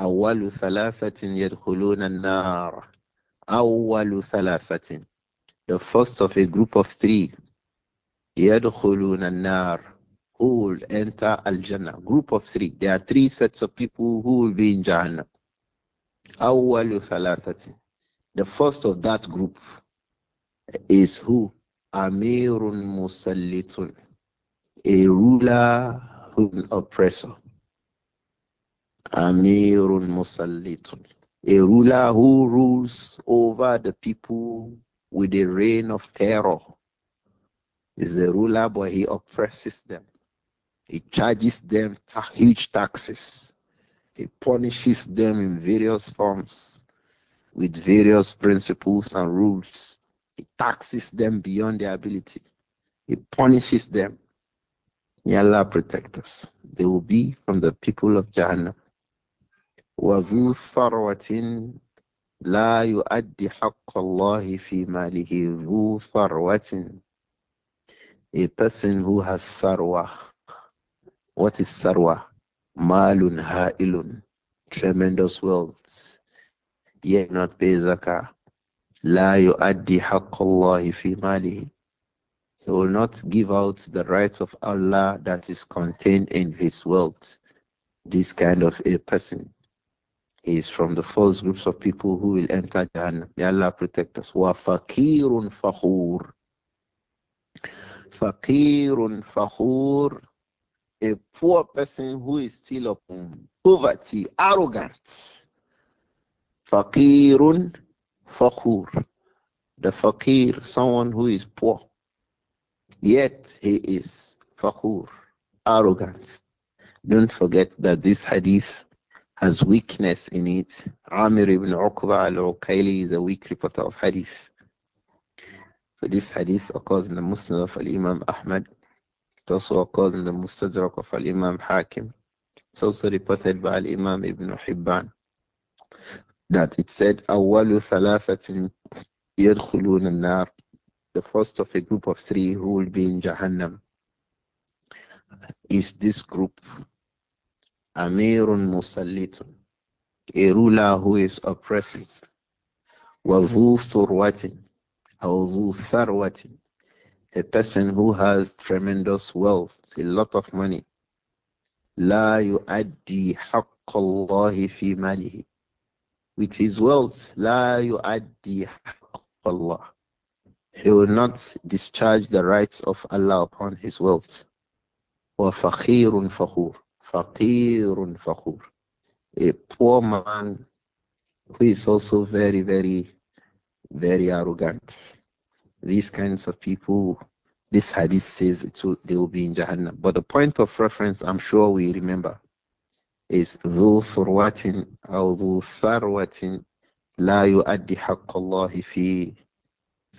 أول ثلاثة يدخلون النار أول ثلاثة the first of a group of three an nar. who will enter Al-Jannah group of three there are three sets of people who will be in Jannah أول ثلاثة the first of that group is who Amirun Musallitun a ruler who an oppressor Amirun Musallitun. A ruler who rules over the people with a reign of terror. Is a ruler, but he oppresses them. He charges them huge taxes. He punishes them in various forms with various principles and rules. He taxes them beyond their ability. He punishes them. May Allah protect us. They will be from the people of Jahannam. وَذُو ثَرْوَةٍ لَا يُؤَدِّي حَقَّ اللَّهِ فِي مَالِهِ ذُو ثَرْوَةٍ A person who has sarwa. What is sarwa? Malun ha'ilun. Tremendous wealth. Yet not pay zakah. لا يؤدي حق الله في ماله he will not give out the rights of Allah that is contained in his wealth. This kind of a person is from the first groups of people who will enter Jannah. May Allah protect us. Wa fakirun fakhur. Fakirun fakhur. A poor person who is still upon poverty, arrogant. Fakirun fakhur. The fakir, someone who is poor. Yet he is fakhur, arrogant. Don't forget that this hadith has weakness in it. Amir ibn Uqba al-Uqayli is a weak reporter of hadith. So this hadith occurs in the Muslim of Al-Imam Ahmad. It also occurs in the Mustadrak of Al-Imam Hakim. It's also reported by Al-Imam Ibn Hibban that it said, أَوَّلُ ثَلَاثَةٍ يَدْخُلُونَ النَّارِ The first of a group of three who will be in Jahannam is this group Amirun Musallitun, a ruler who is oppressive. Wazu Thurwatin, Awzu Tharwatin, a person who has tremendous wealth, a lot of money. La yu'addi haqqallahi fi malihi. With his wealth, la yu'addi haqqallah. He will not discharge the rights of Allah upon his wealth. Wa fakhirun fakhur. A poor man who is also very, very, very arrogant. These kinds of people, this hadith says it will, they will be in Jahannam. But the point of reference, I'm sure we remember, is ذو ثروة أو ذو ثروة لا يؤدي حق الله في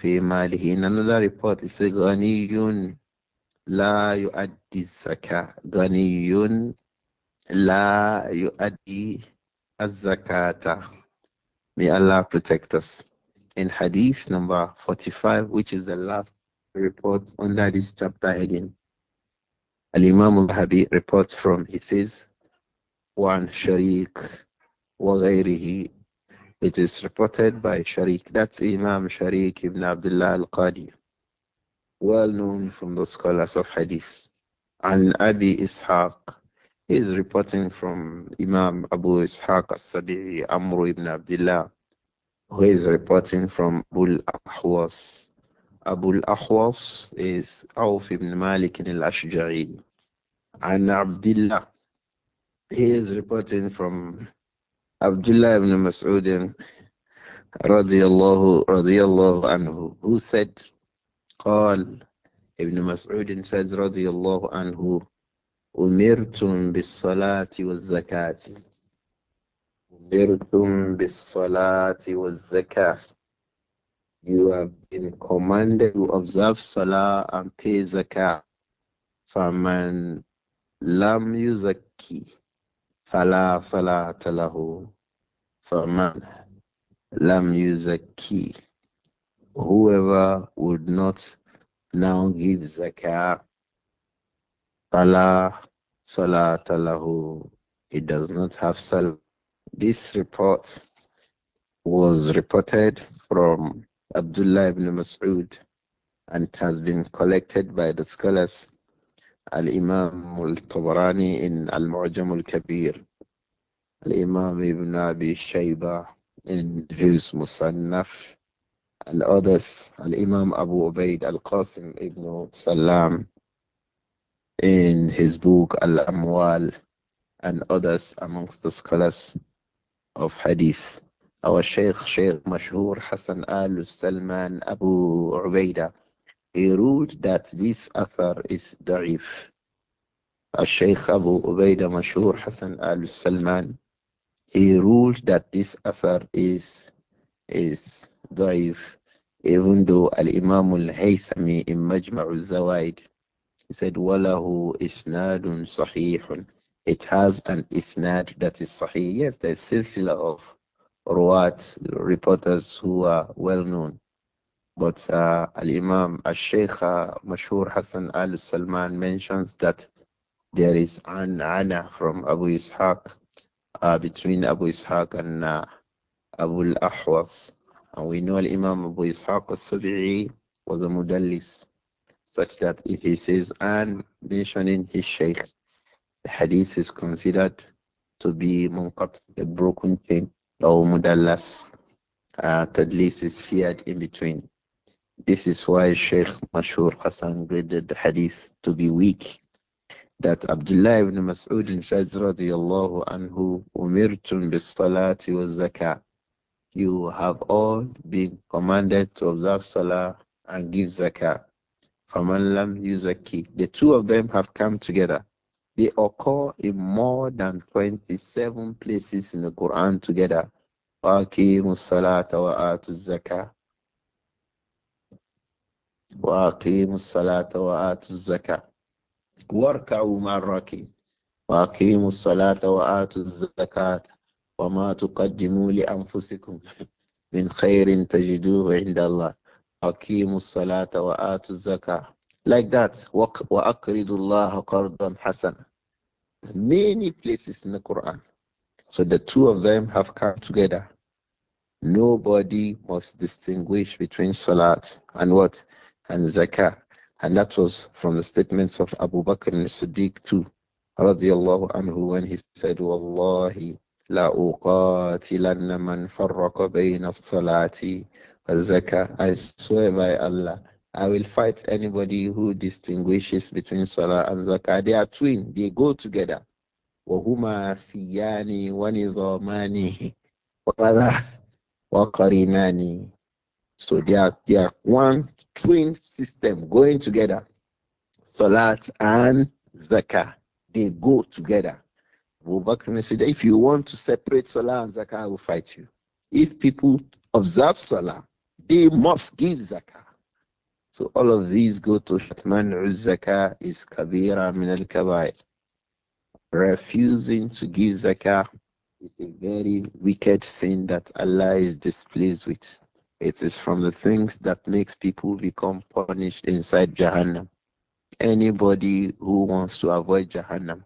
In another report, it says لا يؤدي الزكاة غني لا يؤدي الزكاة May Allah protect us. In Hadith number 45, which is the last report under this chapter heading, Al Imam al reports from, he says, One Sharik wa It is reported by Sharik, that's Imam Sharik ibn Abdullah al Qadi well known from the scholars of hadith. And Abi Ishaq is reporting from Imam Abu Ishaq as-Sabi'i ibn Abdullah, who is reporting from Abu al-Ahwas. Abu al-Ahwas is Auf ibn Malik al-Ashja'i. And Abdullah, he is reporting from Abdullah ibn Masudin, radiyallahu, radiyallahu anhu, who said, قال ابن مسعود says رضي الله عنه أمرتم بالصلاة والزكاة أمرتم بالصلاة والزكاة You have been commanded to observe Salah and pay Zakah. فَمَنْ لَمْ يُزَكِّي فَلَا صَلَاةَ لَهُ فَمَنْ لَمْ يُزَكِّي whoever would not now give zakah, salah, salah, talahu, it does not have salah. This report was reported from Abdullah ibn Mas'ud and has been collected by the scholars Al-Imam al-Tabarani in Al-Mu'jam al-Kabir, Al-Imam ibn Abi Shayba in his Musannaf, and others, Al Imam Abu Ubaid Al Qasim ibn Salam, in his book Al Amwal, and others amongst the scholars of Hadith. Our Shaykh, Shaykh Mashhur Hassan Al Salman Abu Ubaidah, he ruled that this author is da'if. Al-Shaykh Abu Ubaidah Mashhur Hassan Al Salman, he ruled that this author is is da'if, even though Al-Imam Al-Haythami in Majma' Al-Zawaid, said, walahu isnadun صَحِيحٌ It has an isnad that is sahih. Yes, there's silsila of ruwat, reporters who are well known. But uh, Al-Imam al shaykh al Mashur Hassan Al-Salman mentions that there is an ana from Abu Ishaq, uh, between Abu Ishaq and uh, Abu Al-Ahwas. And we know Imam Abu Ishaq al-Sabi'i was a mudallis, such that if he says and mentioning his shaykh, the hadith is considered to be munqat, a broken chain, or mudallas. Uh, tadlis is feared in between. This is why Sheikh Mashur Hassan graded the hadith to be weak. That Abdullah ibn Mas'ud said, radiyallahu anhu, umirtum bis salati wa zakah you have all been commanded to observe Salah and give Zakah. فَمَنْ yuzaki. The two of them have come together. They occur in more than 27 places in the Quran together. وَأَقِيمُوا الصَّلَاةَ وَآتُوا الزَّكَاةَ وأقيموا الصلاة وآتوا Wa واركعوا مع الراكعين وأقيموا wa Atu الزكاة وما تقدموا لأنفسكم من خير تجدوه عند الله أقيموا الصلاة وآتوا الزكاة like that وأقرضوا الله قرضا حسنا many places in the Quran so the two of them have come together nobody must distinguish between salat and what and zakah and that was from the statements of Abu Bakr as Siddiq too اللَّهُ عَنْهُ when he said wallahi لأقاتلن من فرق بين الصلاة والزكاة I swear by Allah I will fight anybody who distinguishes between Salah and Zakah. They are twin, they go together. وهما سيان ونظامان ولا وقرينان So they are, they are one twin system going together. Salat and Zakah, they go together. Abu Bakr said, if you want to separate Salah and Zakah, I will fight you. If people observe Salah, they must give Zakah. So all of these go to Shatman Zakah is Kabira min al Refusing to give Zakah is a very wicked sin that Allah is displeased with. It is from the things that makes people become punished inside Jahannam. Anybody who wants to avoid Jahannam,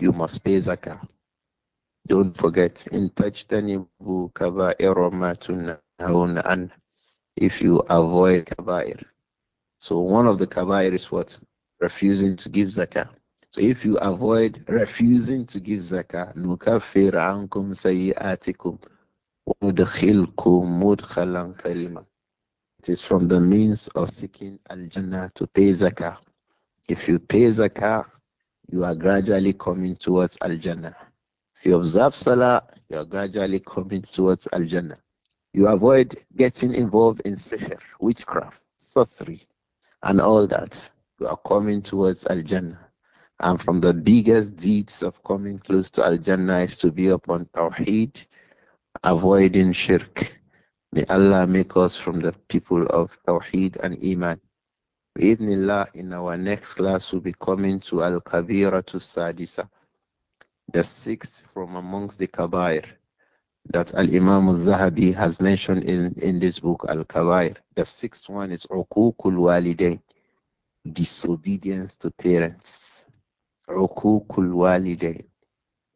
you must pay zakah. Don't forget, in cover kaba'ir ma tunahun an if you avoid kaba'ir. So one of the kaba'ir is what? Refusing to give zakah. So if you avoid refusing to give zakah, nukafir ankum sayyatikum mudkhilkum mudkhalan karima. It is from the means of seeking al-jannah to pay zakah. If you pay zakah, you are gradually coming towards Al Jannah. If you observe Salah, you are gradually coming towards Al Jannah. You avoid getting involved in sihr, witchcraft, sorcery, and all that. You are coming towards Al Jannah. And from the biggest deeds of coming close to Al Jannah is to be upon Tawheed, avoiding shirk. May Allah make us from the people of Tawheed and Iman. Bidnillah, in our next class, we'll be coming to Al Kabira to Sadisa, the sixth from amongst the Kabair that Al Imam al Zahabi has mentioned in, in this book, Al Kabair. The sixth one is Ukukul Walidain, disobedience to parents. Ukukul Walidain.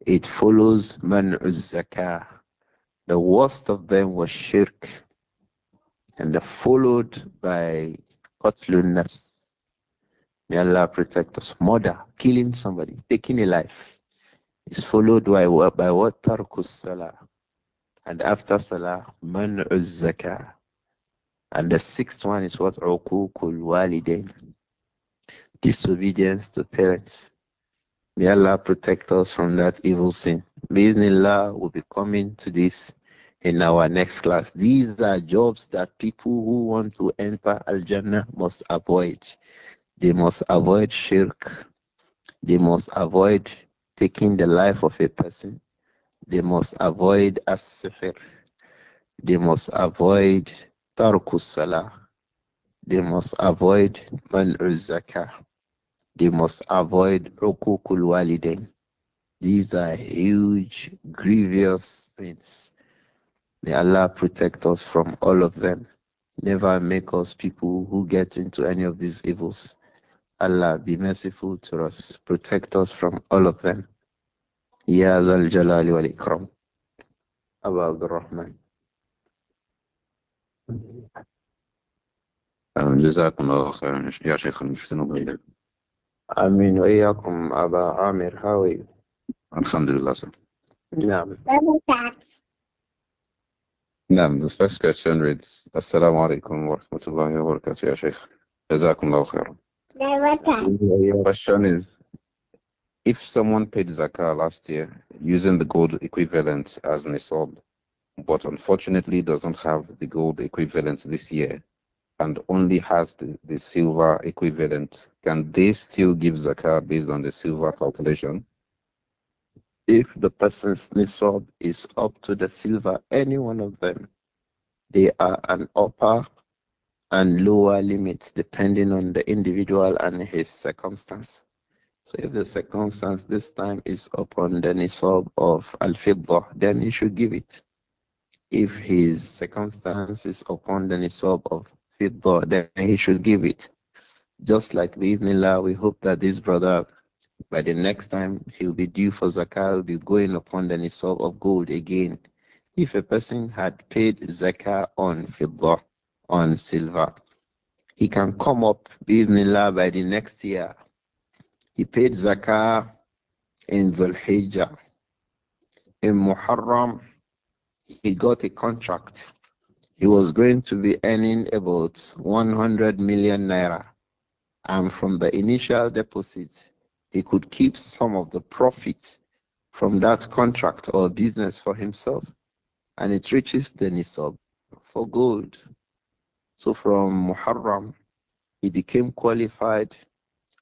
It follows Man Zakah. The worst of them was shirk, and followed by Qatlu nafs. May Allah protect us. Murder, killing somebody, taking a life is followed by, by what? Tarkus salah. And after salah, man'uz zakah. And the sixth one is what? Uqukul walidain. Disobedience to parents. May Allah protect us from that evil sin. Bismillah will be coming to this in our next class. These are jobs that people who want to enter Al Jannah must avoid. They must avoid shirk. They must avoid taking the life of a person. They must avoid as-sifir. They must avoid tarkus salah. They must avoid man'uz zakah. They must avoid ukukul walidain. These are huge, grievous sins May Allah protect us from all of them. Never make us people who get into any of these evils. Allah be merciful to us. Protect us from all of them. Ya Zal Jalali wal Ikram. Abu Rahman. جزاكم um, wa خيرا يا Amir. how are you I'm سلام now, the first question reads, Assalamu alaikum wa rahmatullahi wa barakatuh, Ya Shaykh. Jazakum question is, if someone paid zakah last year using the gold equivalent as nisab, but unfortunately doesn't have the gold equivalent this year and only has the, the silver equivalent, can they still give zakah based on the silver calculation? If the person's nisab is up to the silver, any one of them, they are an upper and lower limits depending on the individual and his circumstance. So if the circumstance this time is upon the nisab of al-fidda, then he should give it. If his circumstance is upon the nisab of fidda, then he should give it. Just like bi'idhnillah, we hope that this brother by the next time he'll be due for zakah, he'll be going upon the nisab of gold again. If a person had paid zakah on fiddah, on silver, he can come up bismillah by the next year. He paid zakah in Dhul Hijjah. In Muharram, he got a contract. He was going to be earning about 100 million naira. And from the initial deposit, he could keep some of the profits from that contract or business for himself, and it reaches the nisab for gold. So from Muharram, he became qualified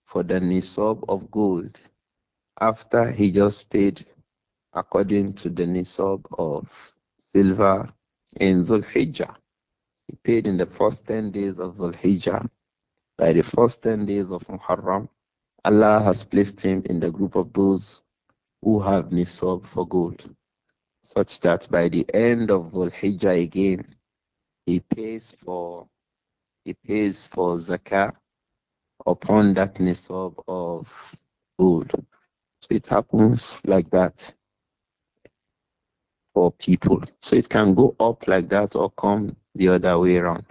for the nisab of gold after he just paid according to the nisab of silver in the Hajj. He paid in the first 10 days of the Hajj By the first 10 days of Muharram, Allah has placed him in the group of those who have nisab for gold, such that by the end of Dhul Hijjah again, he pays for he pays for zakah upon that nisab of gold. So it happens like that for people. So it can go up like that or come the other way around.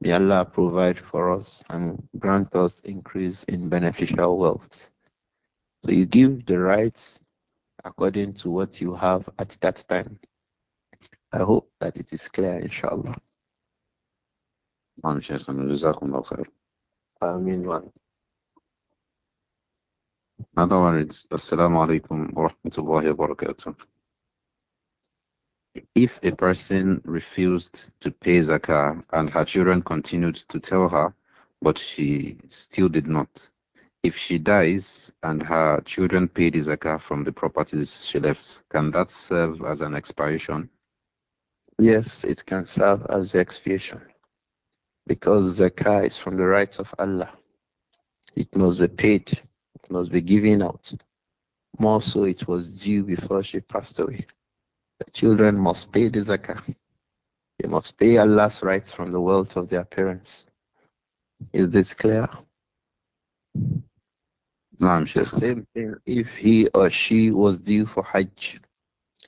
May Allah provide for us and grant us increase in beneficial wealth. So you give the rights according to what you have at that time. I hope that it is clear, inshallah. نعم شيخنا جزاكم if a person refused to pay zakah and her children continued to tell her, but she still did not, if she dies and her children paid the zakah from the properties she left, can that serve as an expiation? Yes, it can serve as expiation because zakah is from the rights of Allah. It must be paid, it must be given out. More so, it was due before she passed away. The children must pay the zakah. They must pay Allah's rights from the wealth of their parents. Is this clear? No, I'm sure. The same thing if he or she was due for Hajj.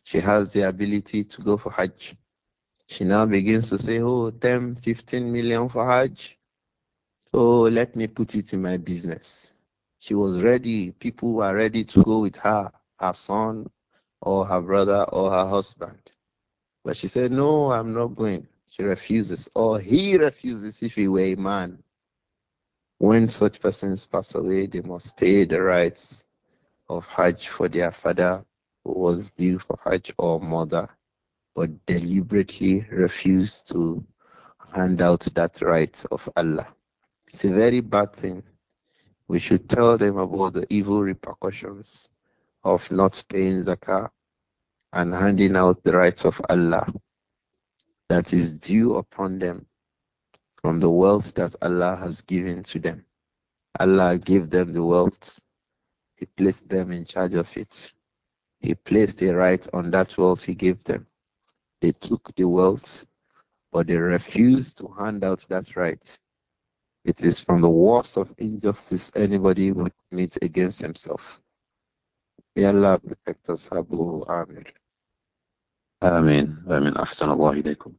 She has the ability to go for Hajj. She now begins to say, oh, 10, 15 million for Hajj. So let me put it in my business. She was ready. People were ready to go with her, her son, or her brother or her husband. But she said, No, I'm not going. She refuses, or he refuses if he were a man. When such persons pass away, they must pay the rights of Hajj for their father who was due for Hajj or mother, but deliberately refuse to hand out that right of Allah. It's a very bad thing. We should tell them about the evil repercussions of not paying zakah and handing out the rights of Allah that is due upon them from the wealth that Allah has given to them. Allah gave them the wealth, He placed them in charge of it. He placed a right on that wealth He gave them. They took the wealth, but they refused to hand out that right. It is from the worst of injustice anybody would commit against himself. May Allah protect us, Abu Amir. آمين آمين أحسن الله إليكم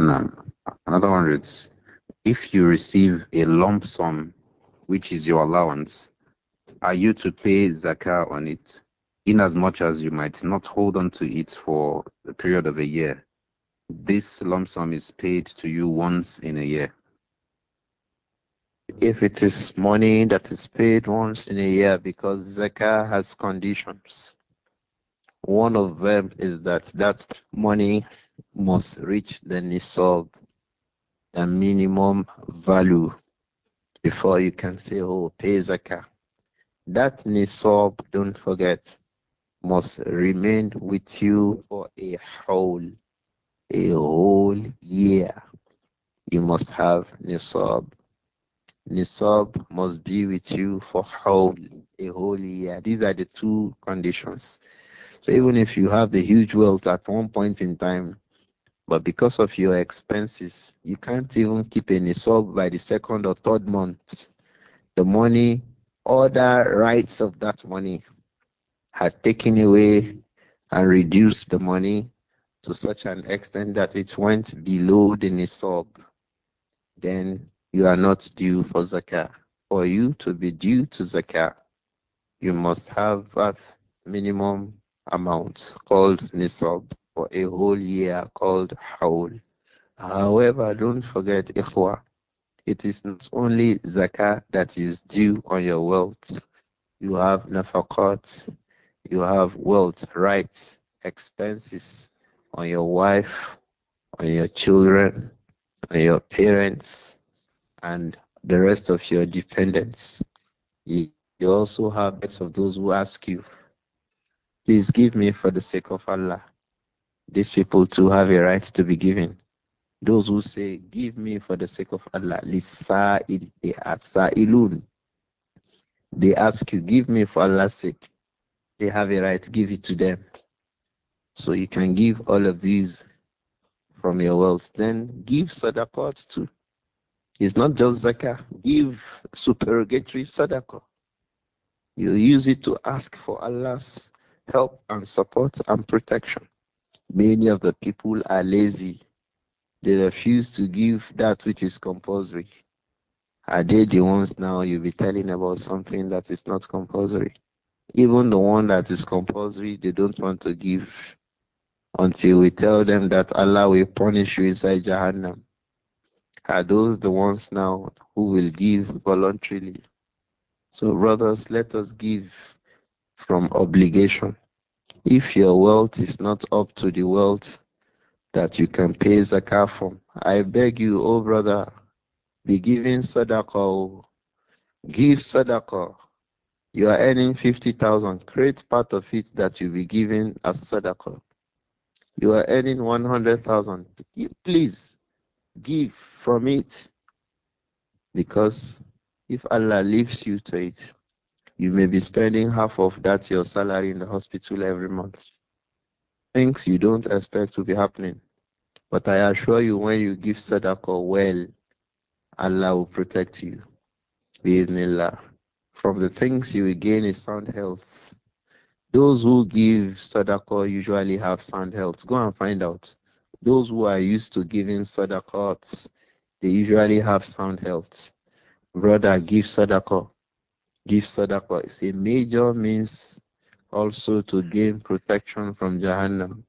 نعم another one reads if you receive a lump sum which is your allowance are you to pay zakah on it in as much as you might not hold on to it for a period of a year this lump sum is paid to you once in a year if it is money that is paid once in a year because zakah has conditions one of them is that that money must reach the nisab the minimum value before you can say oh pay zakah that nisab don't forget must remain with you for a whole a whole year you must have nisab Nisab must be with you for how a whole year. These are the two conditions. So even if you have the huge wealth at one point in time, but because of your expenses, you can't even keep any nisab by the second or third month. The money, other rights of that money, had taken away and reduced the money to such an extent that it went below the nisab. Then you are not due for zakah. For you to be due to zakah, you must have a minimum amount called nisab for a whole year called haul. However, don't forget ikhwa. It is not only zakah that is due on your wealth. You have nafaqat, you have wealth, rights, expenses on your wife, on your children, on your parents, and the rest of your dependents. You also have debts of those who ask you, please give me for the sake of Allah. These people too have a right to be given. Those who say, give me for the sake of Allah, they ask you, give me for Allah's sake. They have a right, give it to them. So you can give all of these from your wealth. Then give sadaqat too. It's not just zakah. Give supererogatory sadaqah. You use it to ask for Allah's help and support and protection. Many of the people are lazy. They refuse to give that which is compulsory. Are they the ones now you'll be telling about something that is not compulsory? Even the one that is compulsory, they don't want to give until we tell them that Allah will punish you inside Jahannam are those the ones now who will give voluntarily. So, brothers, let us give from obligation. If your wealth is not up to the wealth that you can pay zakah from, I beg you, oh brother, be giving sadaqah. Give sadaqah. You are earning 50,000. Create part of it that you be giving as sadaqah. You are earning 100,000. Please give from it because if Allah leaves you to it, you may be spending half of that your salary in the hospital every month. Things you don't expect to be happening. But I assure you, when you give sadaqah well, Allah will protect you. Bismillah. From the things you will gain is sound health. Those who give sadaqah usually have sound health. Go and find out. Those who are used to giving sadaqahs, they usually have sound health. Brother, give sadaqah. Give sadaqah. It's a major means also to gain protection from Jahannam.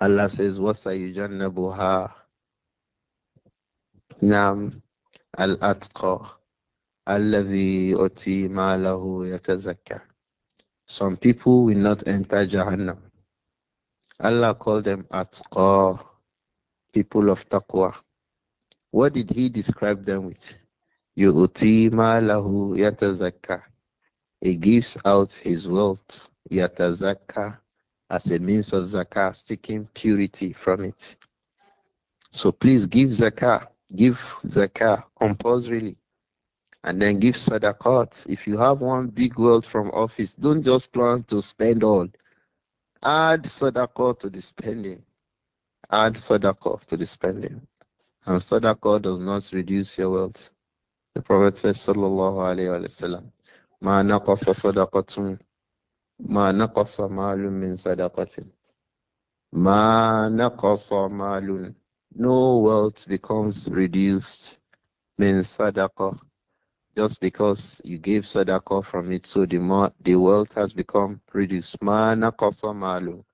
Allah says, وَسَيُجَنَّبُهَا نَعْمْ الْأَتْقَى al يُؤْتِي مَالَهُ يَتَزَكَّى Some people will not enter Jahannam. Allah called them Atqa, people of Taqwa. What did He describe them with? Yu'tima lahu yatazakka. He gives out his wealth, yatazakka, as a means of zakah, seeking purity from it. So please give zakah, give zakah compulsorily, and then give sadaqat. If you have one big wealth from office, don't just plan to spend all. Add sadaqah to the spending. Add sadaqah to the spending. And sadaqah does not reduce your wealth. The Prophet said, Sallallahu Alaihi Wasallam, Ma naqasa sadaqatun, ma naqasa malun min sadaqatin. Ma naqasa malun. No wealth becomes reduced min sadaqah just because you gave sadaqah from it, so the the wealth has become reduced. malu.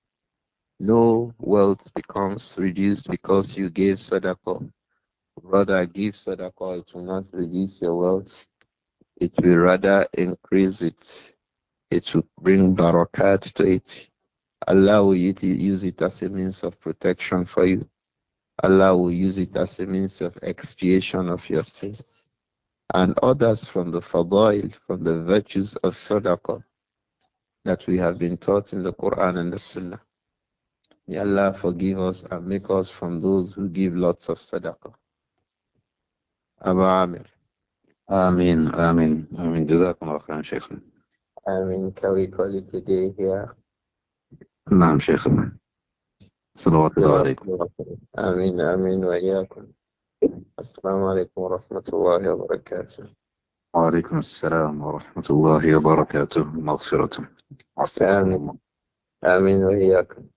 No wealth becomes reduced because you gave sadaqah. Rather, give sadaqah, it will not reduce your wealth. It will rather increase it. It will bring barakat to it. Allah will use it as a means of protection for you. Allah will use it as a means of expiation of your sins and others from the fadail, from the virtues of sadaqah that we have been taught in the Quran and the Sunnah. May Allah forgive us and make us from those who give lots of sadaqah. Abu Amir. Amin, Amin, Amin. Jazakum khairan, Shaykh. Amin. Can we call it a day here? Naam شيخنا صلوات alaykum. Amin, Amin, wa وإياكم السلام عليكم ورحمة الله وبركاته وعليكم السلام ورحمة الله وبركاته مغفرة آمين آمين وإياكم